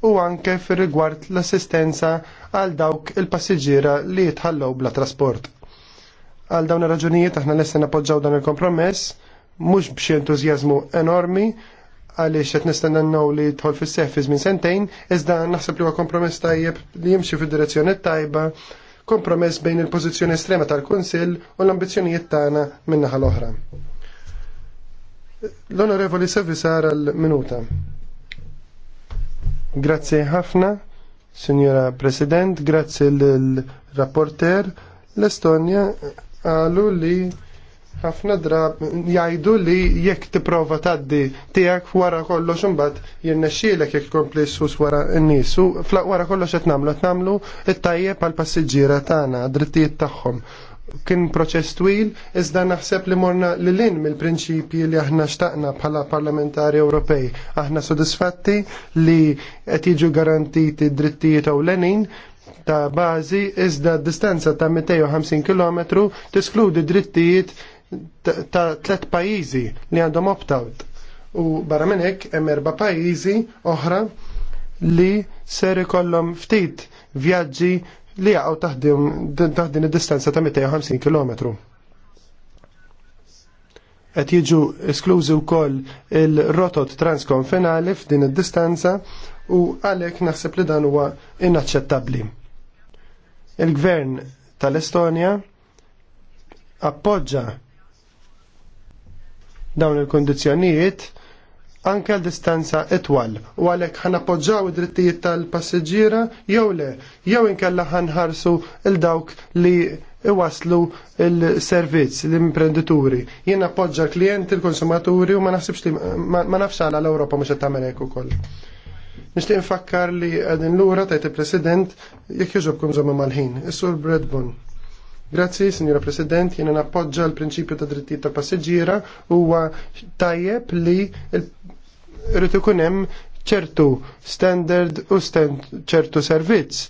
u anke fir rigward l-assistenza għal dawk il-passiġġiera li jitħallew bla trasport. Għal dawn ir-raġunijiet aħna lesta napoġġaw dan il-kompromess mhux b'xi entużjażmu enormi, għaliex qed nistenna nnaw li tħol fis-seħ fi żmien sentejn, iżda naħseb li huwa kompromess tajjeb li jimxi fid-direzzjoni tajba, kompromess bejn il-pożizzjoni estrema tal-Kunsill u l-ambizzjonijiet tagħna min-naħa l-oħra. L-Onorevoli Sevi sar l-minuta. Grazzi ħafna, Signora President, grazzi l-rapporter. L-Estonja għalu li ħafna drab jgħidu li jekk tipprova tgħaddi tiegħek wara kollox imbagħad jirnexxielek jekk tkompli sus wara n-nies wara kollox qed nagħmlu qed nagħmlu it-tajjeb għall passiġġiera tagħna, drittijiet tagħhom kien proċess twil, iżda naħseb li morna li lin mill-prinċipji li aħna xtaqna bħala parlamentari Ewropej. Aħna sodisfatti li qed jiġu garantiti drittijiet ewlenin ta' bażi iżda d-distanza ta' 250 km tiskludi drittijiet ta' tlet pajjiżi li għandhom opt-out u barra minn hekk hemm erba' pajjiżi oħra li ser ikollhom ftit vjaġġi li jaqgħu taħt din id-distanza ta' 150 km. Qed jiġu esklużi wkoll il-rotot transkonfinali f'din id-distanza u għalhekk naħseb li dan huwa inaċċettabbli. Il-Gvern tal-Estonja appoġġa dawn il-kondizjonijiet anke għal distanza itwal u għalhekk ħanappoġġaw id-drittijiet tal-passiġġiera jew le, jew inkella ħanħarsu il dawk li iwaslu il-servizz l-imprenditori. Jien appoġġa klient il-konsumaturi u ma naħsibx li ma nafx għala l-Ewropa mhux qed tagħmel hekk ukoll. Nixtieq nfakkar li qegħdin lura tajt il-President jekk jogħġobkom żomma mal-ħin, is-Sur Bredbon. Grazzi, Signora President, jena nappoġġa l-prinċipju ta' drittijiet ta' passiġġiera huwa tajjeb li rrid ikun hemm ċertu standard u ċertu servizz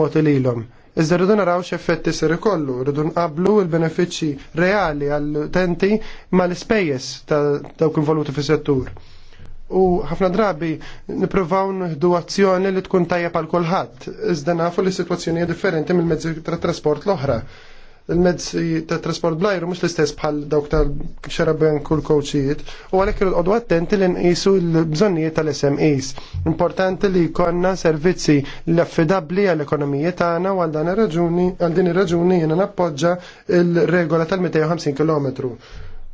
mod ililhom. Iżda rridu naraw x'effetti ser ikollu, rridu nqablu l-benefiċċji reali għall-utenti mal-ispejjeż ta' dawk involuti fis-settur. U ħafna drabi nippruvaw nħdu azzjoni li tkun tajja għal kulħadd, iżda nafu li sitwazzjoni differenti mill-mezzi tat trasport l-oħra il-mezzi ta' trasport blajru mhux l-istess bħal dawk tal xarabben kull kowċijiet u għalhekk il-qodu attenti li nqisu l-bżonnijiet tal-SMEs. Importanti li jkollna servizzi l-affidabbli għall-ekonomija tagħna u għal din ir-raġuni jiena nappoġġa il-regola tal-250 km.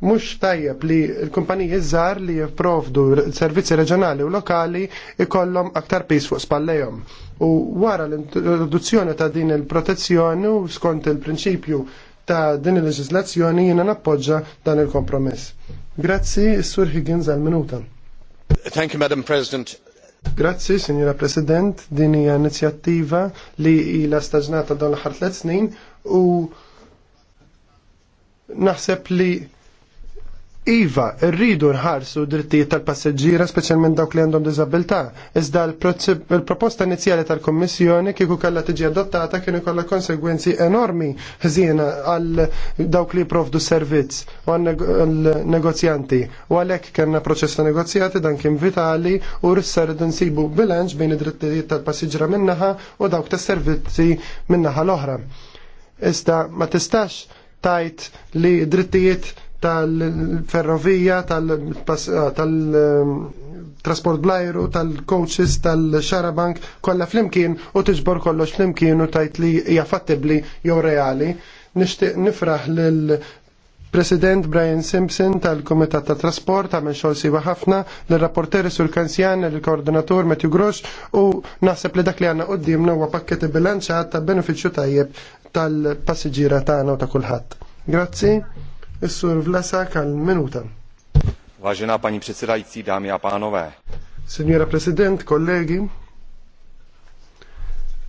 Mhux tajjeb li l-kumpaniji żgħar li jipprovdu servizzi reġjonali u lokali ikollhom aktar pis fuq spallejhom. U wara l-introduzzjoni ta' din il-protezzjoni u skont il-prinċipju ta' din il-leġislazzjoni jiena nappoġġa dan il-kompromess. Grazzi, Sur Higgins, għal-minuta. Thank you, Madam President. Grazzi, Signora President, din hija inizjattiva li ila staġnata dan l-ħar tliet snin u naħseb li Iva, rridu nħarsu drittijiet tal-passeġġiera, speċjalment dawk li għandhom diżabilità. Iżda l-proposta inizjali tal-Kommissjoni kieku kellha tiġi adottata kienu kollha konsegwenzi enormi ħżiena għal dawk li jprovdu servizz u għal-negozjanti. U għalhekk kellna proċess ta' negozjati dan kien vitali u rissar nsibu bilanċ bejn id-drittijiet tal-passeġġiera minnaħa u dawk tas-servizzi minnaħa l-oħra. Iżda ma tistax tajt li drittijiet tal-ferrovija, ah, tal-trasport blajru, tal-coaches, tal-xarabank, kolla flimkien u tiġbor kollox flimkien u tajt li hija fattibli jew reali. Nixtieq nifraħ l President Brian Simpson tal-Komitat ta' Trasport ta' minn xolsi ħafna, l-rapporteri sul Kansjan, l-koordinatur Matthew Grosh u naħseb li dak li għanna u huwa pakketi bilanċa ta' beneficju tajjeb tal-passiġġiera tagħna u ta' kulħadd. Grazzi. Is-sur Vlasak għal minuta. Vážená paní předsedající, dámy a pánové. Signora President, kollegi,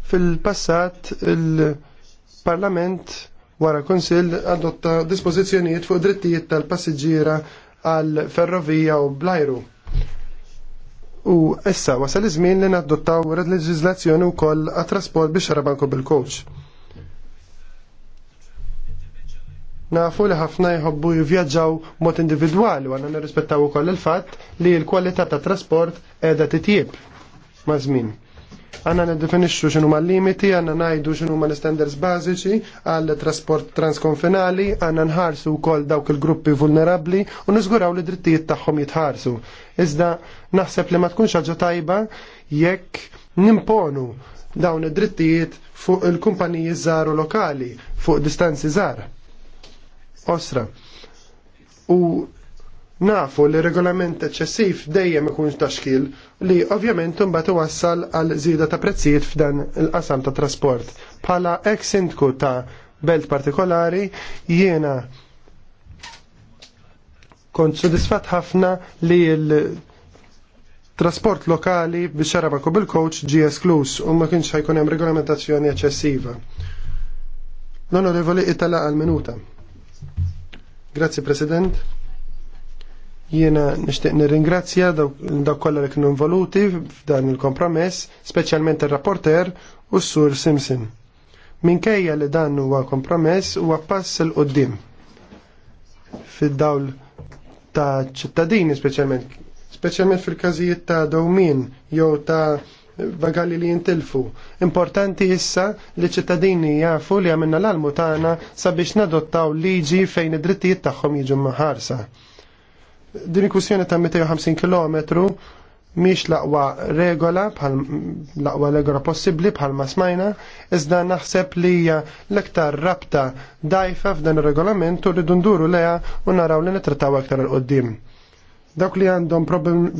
fil-passat il-Parlament wara konsil adotta dispożizzjonijiet fuq drittijiet tal-passiġġiera għal ferrovija u blajru. U issa wasal iż-żmien li nadottaw red wkoll għat-trasport biex rabanku bil-coach. Nafu li ħafna jħobbu jivvjaġġaw mod individwali u għanna nirrispettaw ukoll il-fatt li l-kwalità ta' trasport qiegħda titjieb ma' żmien għanna niddefinixxu x'inhu mal limiti, għanna najdu huma l standards bażiċi għal trasport transkonfinali, għanna nħarsu wkoll dawk il-gruppi vulnerabbli u niżguraw li drittijiet tagħhom jitħarsu. Iżda naħseb li ma tkunx ħaġa tajba jekk nimponu dawn id-drittijiet fuq il-kumpaniji żgħar lokali fuq distanzi żgħar osra. U nafu li regolament eċċessiv dejjem ikun taxkil li ovvjament imbagħad iwassal għal żieda ta' prezzijiet f'dan il-qasam ta' trasport. Bħala ex sindku ta' belt partikolari jiena kont sodisfat ħafna li l-trasport lokali biex xaraba bil coach ġie esklus u ma kienx ħajkun hemm regolamentazzjoni eċċessiva. L-onorevoli itala għal minuta. Grazzi President. Jiena nixtieq nirringrazzja dawk kollha li kienu involuti f'dan il-kompromess, speċjalment ir-rapporter u s-sur Simpson. Minkejja li dan huwa kompromess huwa pass il qudiem fid-dawl ta' ċittadini speċjalment, speċjalment fil-każijiet ta' dawmin jew ta' Vagalli li jintilfu. Importanti issa li ċittadini jafu li għamilna l-almu tagħna sabiex nadottaw liġi fejn id-drittijiet tagħhom jiġu maħarsa. Din kwistjoni ta' 250 km miex laqwa regola bħal laqwa regola possibbli bħal ma smajna, iżda naħseb li hija l iktar rabta dajfa f'dan ir-regolament u rridu nduru leha u naraw li nitrattaw aktar il-qoddim Dawk li għandhom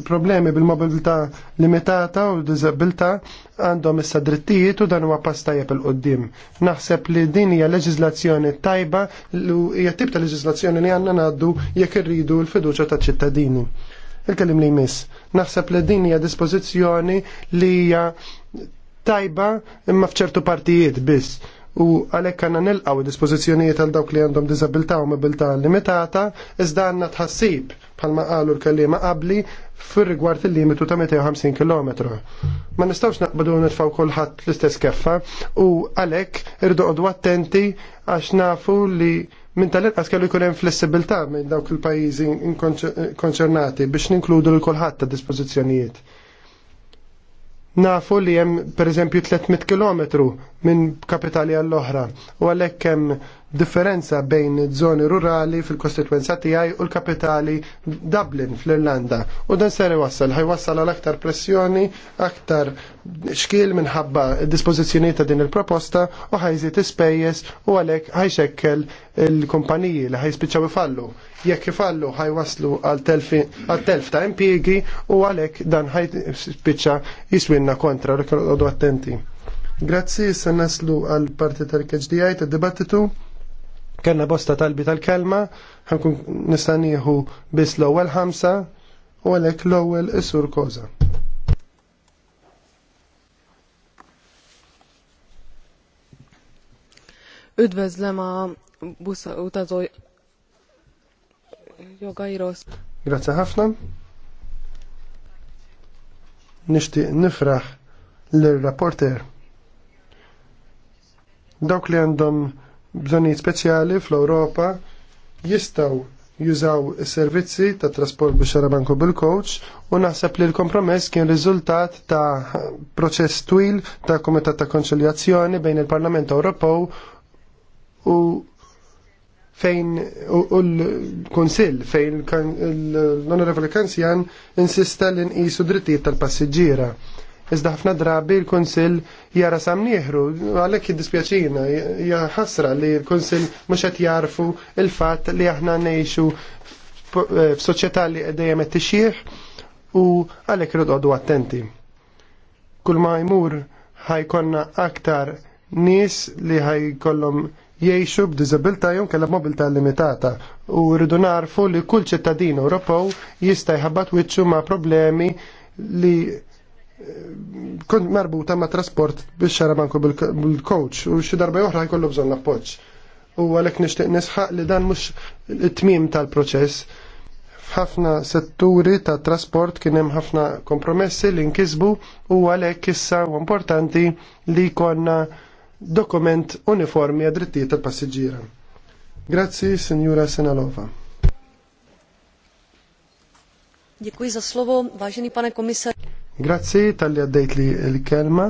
problemi bil-mobilità limitata u diżabilità għandhom issa drittijiet u dan huwa pass tajjeb il qoddim Naħseb li din hija leġiżlazzjoni tajba u hija tip ta' leġiżlazzjoni li għandna għaddu jekk irridu l-fiduċja ta' ċittadini Il-kelim li jmiss. Naħseb li din hija dispożizzjoni li hija tajba imma f'ċertu partijiet biss u għalhekk għandna nilqgħu dispożizzjonijiet għal dawk li għandhom diżabilità u mobilta limitata iżda għandna tħassib bħalma qalu l-kellima qabli fir rigward il-limitu ta' 250 km. Ma nistgħux naqbadu nitfgħu kulħadd l-istess keffa u għalhekk irdoqdu attenti għax nafu li minn tal-inqas kellu jkun hemm flessibilità minn dawk il-pajjiżi konċernati biex ninkludu l kulħadd ta' dispożizzjonijiet. Nafu li hemm pereżempju 300 km minn kapitali għall-oħra u għalhekk hemm differenza bejn żoni rurali fil-kostituenza tiegħi u l-kapitali Dublin fl-Irlanda. U dan ser iwassal, ħajwassal għal aktar pressjoni, aktar xkil minħabba dispożizzjoni ta' din il-proposta u ħajżiet ispejjeż u għalhekk ħajxekkel il-kumpaniji li ħajspiċċaw ifallu. Jekk ifallu ħajwaslu għal telf ta' impjiegi u għalhekk dan ħajspiċċa jiswinna kontra, rikodu attenti. Grazzi, se naslu għal parti tal-KHDI, tal-dibattitu kena bosta talbi tal-kelma, ħankun nistaniħu bis l-ewwel ħamsa u għalhekk l-ewwel isur koza. Üdvözlöm Busa u utazó jogairól. Grazie ħafna. Nishti nifraħ l-rapporter Dok li għandhom bżonijiet speċjali fl-Ewropa jistaw jużaw is-servizzi ta' trasport biex banku bil-coach u naħseb li l-kompromess kien riżultat ta' proċess twil ta' Kumitat ta' Konċiljazzjoni bejn il-Parlament Ewropew u fejn u l-Konsil fejn l-Onorevoli Kanzjan insista l-inqisu drittijiet tal-passiġġiera. Iżda ħafna drabi l-Kunsill jara sam nieħru, għalhekk jiddispjaċina, hija ħasra li l-Kunsill mhux qed jarfu il-fatt li aħna ngħixu eh, f'soċjetà li dejjem qed tixjih u għalhekk irqodu attenti. Kull ma jmur ħajkonna aktar nies li ħajkollhom jiexu b'dizabilta jew kellha mobilità limitata u rridu narfu li kull ċittadin Ewropew jista' jħabbat wiċċu ma' problemi li kont marbuta ma' trasport biex xara manku bil-coach u xi darba oħra jkollu bżonn appoġġ. U għalhekk nixtieq nisħaq li dan mhux it-tmiem tal-proċess. F'ħafna setturi ta' trasport kien hemm ħafna kompromessi li nkisbu u għalhekk issa u importanti li jkollna dokument uniformi għad drittijiet tal-passiġġiera. Grazzi, Sinjura Senalova. Děkuji za slovo, vážený pane komisar. Grazzi tal-li għaddejt li l-kelma.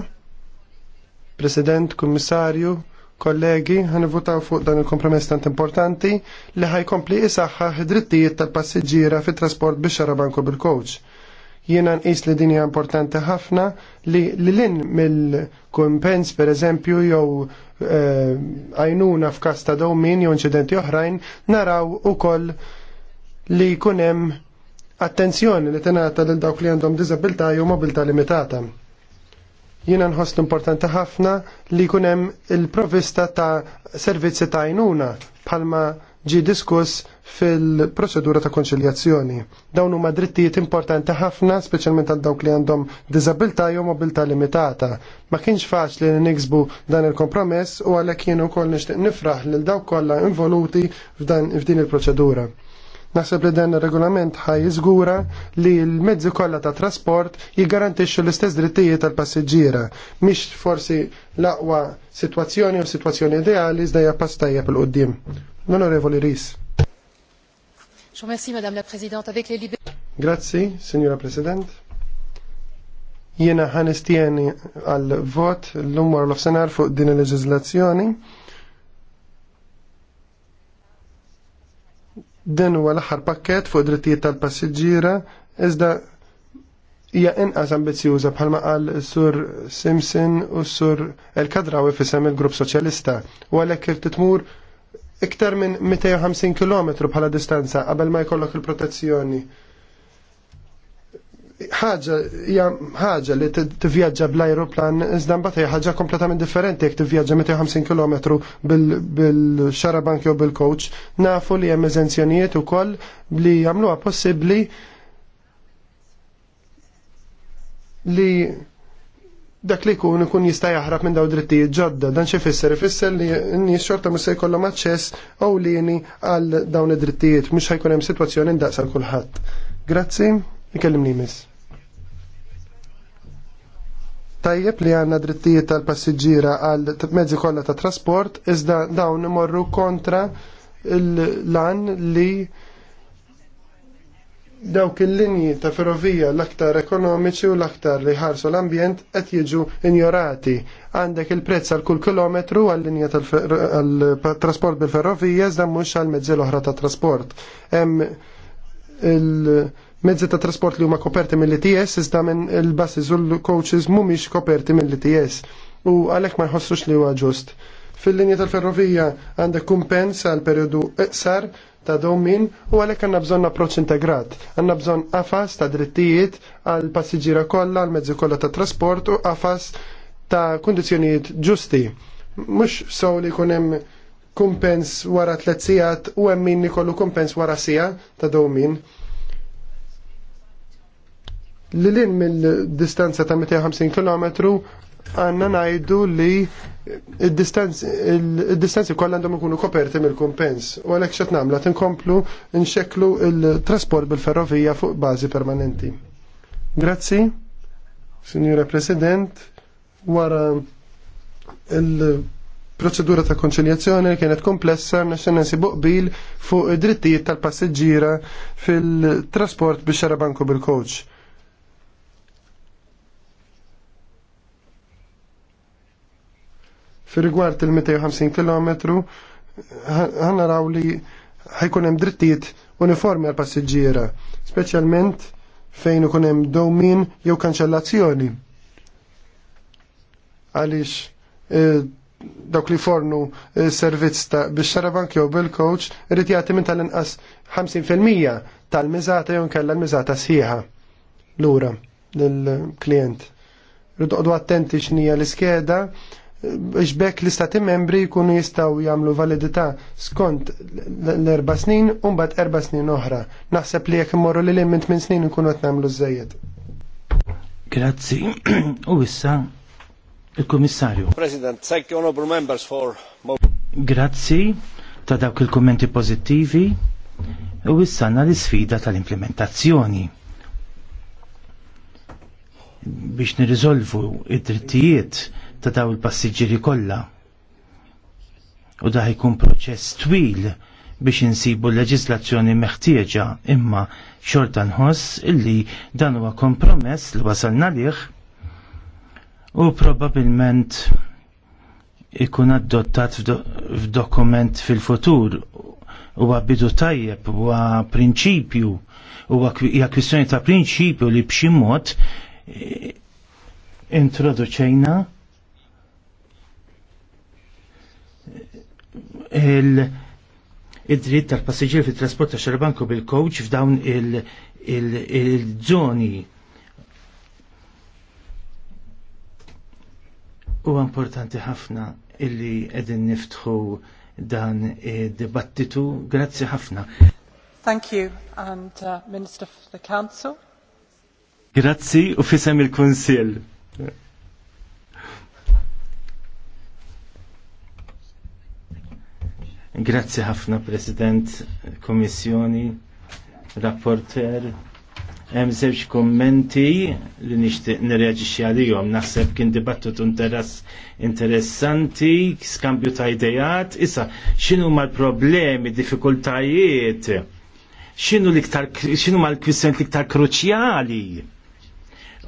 President, Kummissarju, kollegi, votaw fuq dan il-kompromess tant importanti li ħajkompli isaħħaħ id-drittijiet tal-passiġġiera fit-trasport biex xarabanku bil-coach. Jiena nqis li dinja importanti ħafna li l-lin mill-kumpens per eżempju jew eh, għajnuna f'kas ta' dawmin jew inċidenti oħrajn naraw ukoll li kunem attenzjoni li tingħata lil dawk li għandhom diżabilità jew mobilità limitata. Jiena nħoss importanti ħafna li jkun hemm il-provista ta' servizzi ta' għajnuna bħalma ġi diskuss fil-proċedura ta' konċiljazzjoni. Dawn huma drittijiet importanti ħafna, speċjalment għal dawk li għandhom diżabilità jew mobilità limitata. Ma kienx faċli li niksbu dan il-kompromess u għalhekk jien ukoll nixtieq nifraħ lil dawk kollha involuti f'din il-proċedura. Naħseb li dan ir-regolament ħaj jiżgura li l-mezzi kollha ta' trasport jiggarantixxu l-istess drittijiet tal-passiġġiera, mhix forsi l-aqwa sitwazzjoni u sitwazzjoni ideali iżda pastajja pass tajjeb il qudiem L-Onorevoli Ris. Grazzi, Signora President. Jiena ħanistieni għal vot l umwar l-ofsenar fuq din il-leġizlazzjoni. Din huwa l-aħħar pakkett fuq drittijiet tal-passiġġiera iżda hija inqas ambizzjuża bħalma qal sur Simpson u sur El-Kadrawi fisem il-Grupp Soċjalista u għalhekk kif titmur iktar minn 250 km bħala distanza qabel ma jkollok il-protezzjoni ħaġa hija ħaġa li tivvjaġġa bl-ajruplan iżda mbagħad hija ħaġa kompletament differenti jekk tivvjaġġa 150 km bil-xarabank jew bil-coach. Nafu li hemm eżenzjonijiet ukoll li jagħmluha possibbli li dak li kun ikun jista' jaħrab minn daw drittijiet ġodda. Dan xi fisser ifisser li n-nies xorta mhux se jkollhom aċċess ewlieni għal dawn id-drittijiet mhux ħajkun hemm sitwazzjoni ndaqsa kulħadd. Grazzi. Ikellimni miss. Tajjeb li għanna drittijiet tal-passiġġiera għal mezzi kollha ta' trasport, iżda dawn imorru kontra l-lan li dawk il-linji ta' ferrovija l-aktar ekonomiċi u l-aktar li ħarsu l-ambjent qed jiġu injorati. Għandek il-prezz għal kull kilometru għal linja tal-trasport bil-ferrovija iżda mhux għal mezzi l-oħra ta' trasport. Hemm il- mezzi ta' trasport li huma koperti mill-ITS iżda minn il-buses u l-coaches mhumiex koperti mill-ITS u għalhekk ma jħossux li huwa ġust. Fil-linja tal-ferrovija għandek kumpens għal periodu iqsar ta' domin u għalhekk għandna bżonn approċ integrat. Għandna bżonn qafas ta' drittijiet għal passiġġiera kollha għal mezzi kollha ta' trasport u qafas ta' kundizzjonijiet ġusti. Mhux sow li jkun hemm kumpens wara tlet sigħat u hemm min kollu kumpens wara sija ta' domin. Li l-in mill-distanza ta' 250 km għanna najdu li il-distanzi koll għandhom ikunu koperti mill-kumpens. U għalek xat namla tinkomplu nxeklu il-trasport bil-ferrovija fuq bazi permanenti. Grazzi, Signora President, wara il-proċedura ta' konċiljazzjoni kienet komplessa nexxen nsibu qbil fuq id-drittijiet tal-passiġġiera fil-trasport biex xarabanku bil-coach Fir-rigward il-250 km, raw li ħajkun hemm drittijiet uniformi għal passiġġiera, speċjalment fejn ikun hemm dowmin jew kanċellazzjoni. Għaliex e, dawk li fornu e, servizz ta' biex xarabank jew bil-coach irid jagħti minn tal-inqas 50% tal-miżata jew nkella l-miżata sħiħa lura lill-klient. Rridu attenti x'nija l-iskeda xbek l-istati membri jkunu jistaw jamlu validità skont l-erba snin un bat erba snin oħra. Naħseb li jek morru li l-immin 8 snin nkunu għatnamlu namlu zzejed. Grazzi. U issa il-Komissarju. President, thank you honorable members for... Grazzi ta' dawk il-kommenti pozittivi u issa l sfida tal-implementazzjoni biex nirriżolvu id-drittijiet ta' daw il-passiġġieri kollha. U da jkun proċess twil biex insibu l-leġislazzjoni meħtieġa imma xorta nħoss illi dan huwa kompromess li wasalna liħ u probabilment ikun adottat f'dokument fil-futur u bidu tajjeb huwa prinċipju u hija kwistjoni ta' prinċipju li b'xi mod introduċejna id-dritt tal-passiġġier fit trasport ta' xerbanku bil-coach f'dawn il-żoni. Huwa importanti ħafna illi qegħdin niftħu dan id-dibattitu. Grazzi ħafna. Thank you and uh, Minister for the Council. Grazzi u fisem il-Kunsill. Grazzi ħafna President, Komissjoni, Rapporter. Hemm żewġ kommenti li nixtieq nirreġixxi għalihom. Naħseb kien dibattut interess interessanti, skambju ta' idejat. Issa, x'inhu mal-problemi, diffikultajiet? X'inhu l-iktar x'inhu mal-kwistjoni l-iktar kruċjali?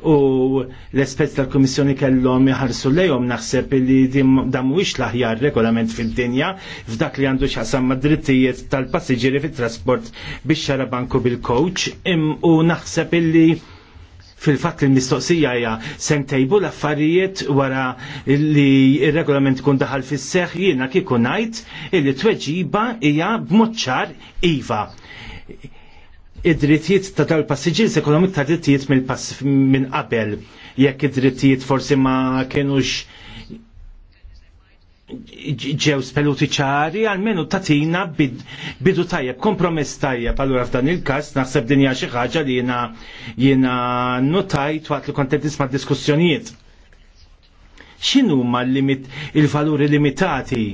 u l espezz tal-Komissjoni kellhom jħarsu lejhom naħseb li dam mhuwiex l-aħjar regolament fid-dinja f'dak li għandu x'ħasam mad drittijiet tal-passiġġieri fit-trasport biex xara banku bil-coach u naħseb li fil-fatt il-mistoqsija hija sentejbu l-affarijiet wara li il regolament kun daħal fis-seħħ jiena kieku ngħid li tweġiba hija b'mod ċar iva id-drittijiet ta' dawn il-passiġġieri se jkollhom ta' drittijiet minn qabel jekk id-drittijiet forsi ma kienux ġew speluti ċari, għalmenu tatina bidu tajjeb, kompromess tajjeb, allura f'dan il-kas, naħseb dinja xi ħaġa li jiena jiena notajt waqt li kontent nisma' diskussjonijiet. X'inhuma ma' il-valuri limitati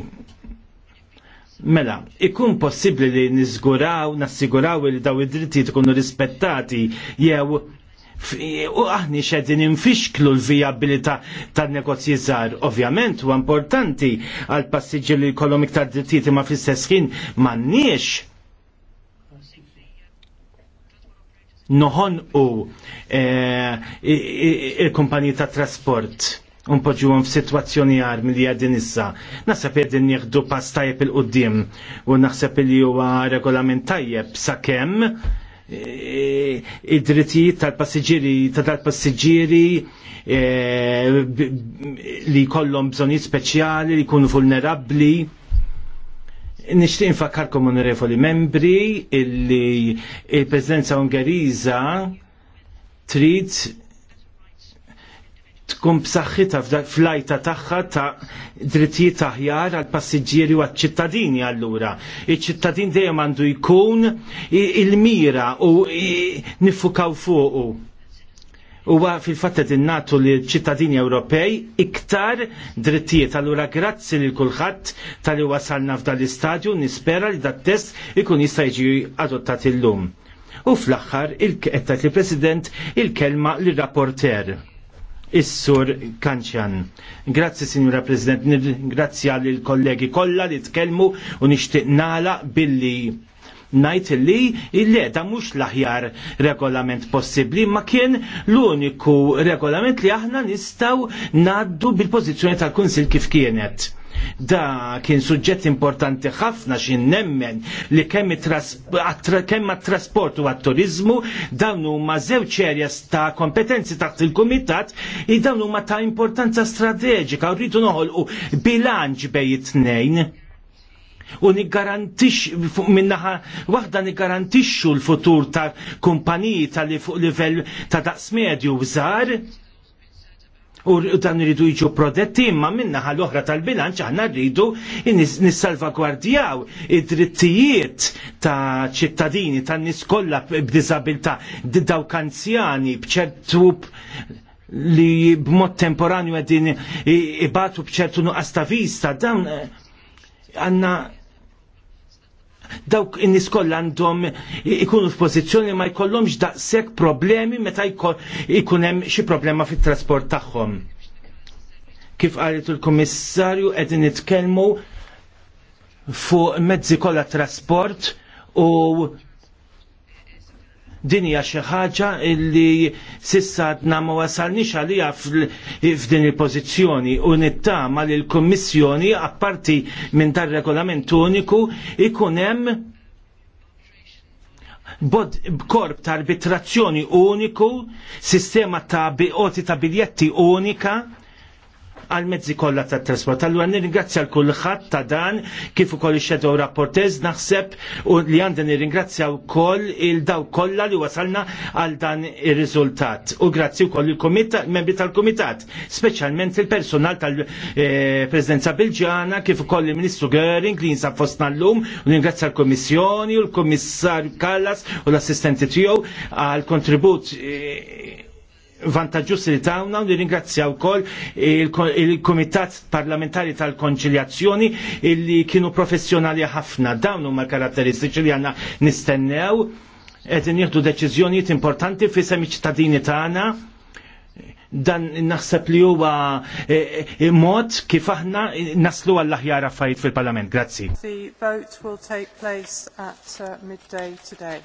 Mela, ikun possibli li nizguraw, nassiguraw li daw id-dritti tkunu rispettati jew u aħni xedin infixklu l-vijabilita tal-negozji żgħar. Ovvjament, u importanti għal passiġġi li kolom iktar drittijiet ma fl-istess ħin m'għandniex noħon u eh, il-kumpaniji ta' trasport unpoġu għom f-situazzjoni għar mill-li għaddin issa. Nasab għaddin jieħdu pass tajjeb il-qoddim u naħseb li huwa regolament tajjeb sa' kemm e, id-drittijiet tal-passiġġieri tal-passiġġieri e, li kollhom bżonijiet speċjali li jkunu vulnerabbli. Nixtieq infakkarkom onorevoli membri illi il-Presidenza Ungeriża trid tkun b'saħħitha fl-ajta tagħha ta' drittijiet aħjar għal passiġġieri u għaċ-ċittadini allura. Iċ-ċittadin dejjem għandu jkun il-mira u nifukaw fuqu. Huwa fil-fatt qed innatu li ċittadini Ewropej iktar drittijiet. Allura grazzi lil kulħadd tal-li wasalna f'dan l-istadju nispera li dat test ikun jista' jiġi adottat illum. U fl-aħħar il-qed president il-kelma lir rapporter is-sur Kanċan. Grazzi, Signora President, grazzi għall kollegi kollha li tkellmu u nixtieq nala billi najt li il-le mux laħjar regolament possibli ma kien l-uniku regolament li aħna nistaw naddu bil-pozizjoni tal-Kunsil kif kienet Da kien suġġett importanti ħafna xin nemmen li kemm għat-trasport u għat-turizmu dawn huma żewġ areas ta' kompetenzi taħt il-kumitat i dawn huma ta' importanza strateġika u rridu noħolqu bilanċ bej it-tnejn u niggarantix minnaħa waħda niggarantixxu l-futur ta' kumpaniji ta' li fuq livell ta' daqs medju żgħar u dan rridu jiġu protetti imma minna l-oħra tal-bilanċ aħna rridu nissalvagwardjaw id-drittijiet ta' ċittadini ta' nies kollha b'diżabilità dawk anzjani b'ċertu li b'mod temporanju għedin ibatu bċertu nuqqas ta' vista dawn eh, għanna dawk in-nies kollha għandhom ikunu f'pożizzjoni ma jkollhomx daqshekk problemi meta jkun hemm xi problema fit-trasport tagħhom. Kif qalet il-Kummissarju qegħdin nitkellmu fuq mezzi kollha trasport u dinja xi ħaġa li sissa għadna ma wasalniex għalija f'din il-pożizzjoni u nittama li l-Kummissjoni apparti minn dar regolament uniku ikun hemm bod korp ta' arbitrazzjoni uniku, sistema ta' biqoti ta' biljetti unika, għal mezzi kollha tat-trasport. Allura nirringrazzja l kulħadd ta' dan kif ukoll ix-xedew rapportez naħseb u li għandna nirringrazzja wkoll il-daw kollha li wasalna għal dan ir-riżultat. U grazzi wkoll il-membri tal-kumitat, speċjalment il-personal tal-Presidenza eh, Belġana kif ukoll il-Ministru Göring li jinsab fostna llum u nirringrazzja l-Kummissjoni u l-Kummissarju Kallas u l-assistenti tiegħu għal kontribut eh, vantaġġus li tawna u nirringrazzjaw kol il kumitat Parlamentari tal-Konċiljazzjoni illi kienu professjonali ħafna. Dawn huma karatteristiċi li għandna nistennew qed nieħdu deċiżjonijiet importanti fi semi ċittadini tagħna dan naħseb li huwa e, e, mod kif aħna naslu għall aħjar affarijiet fil-Parlament. Grazzi. The vote will take place at uh, midday today.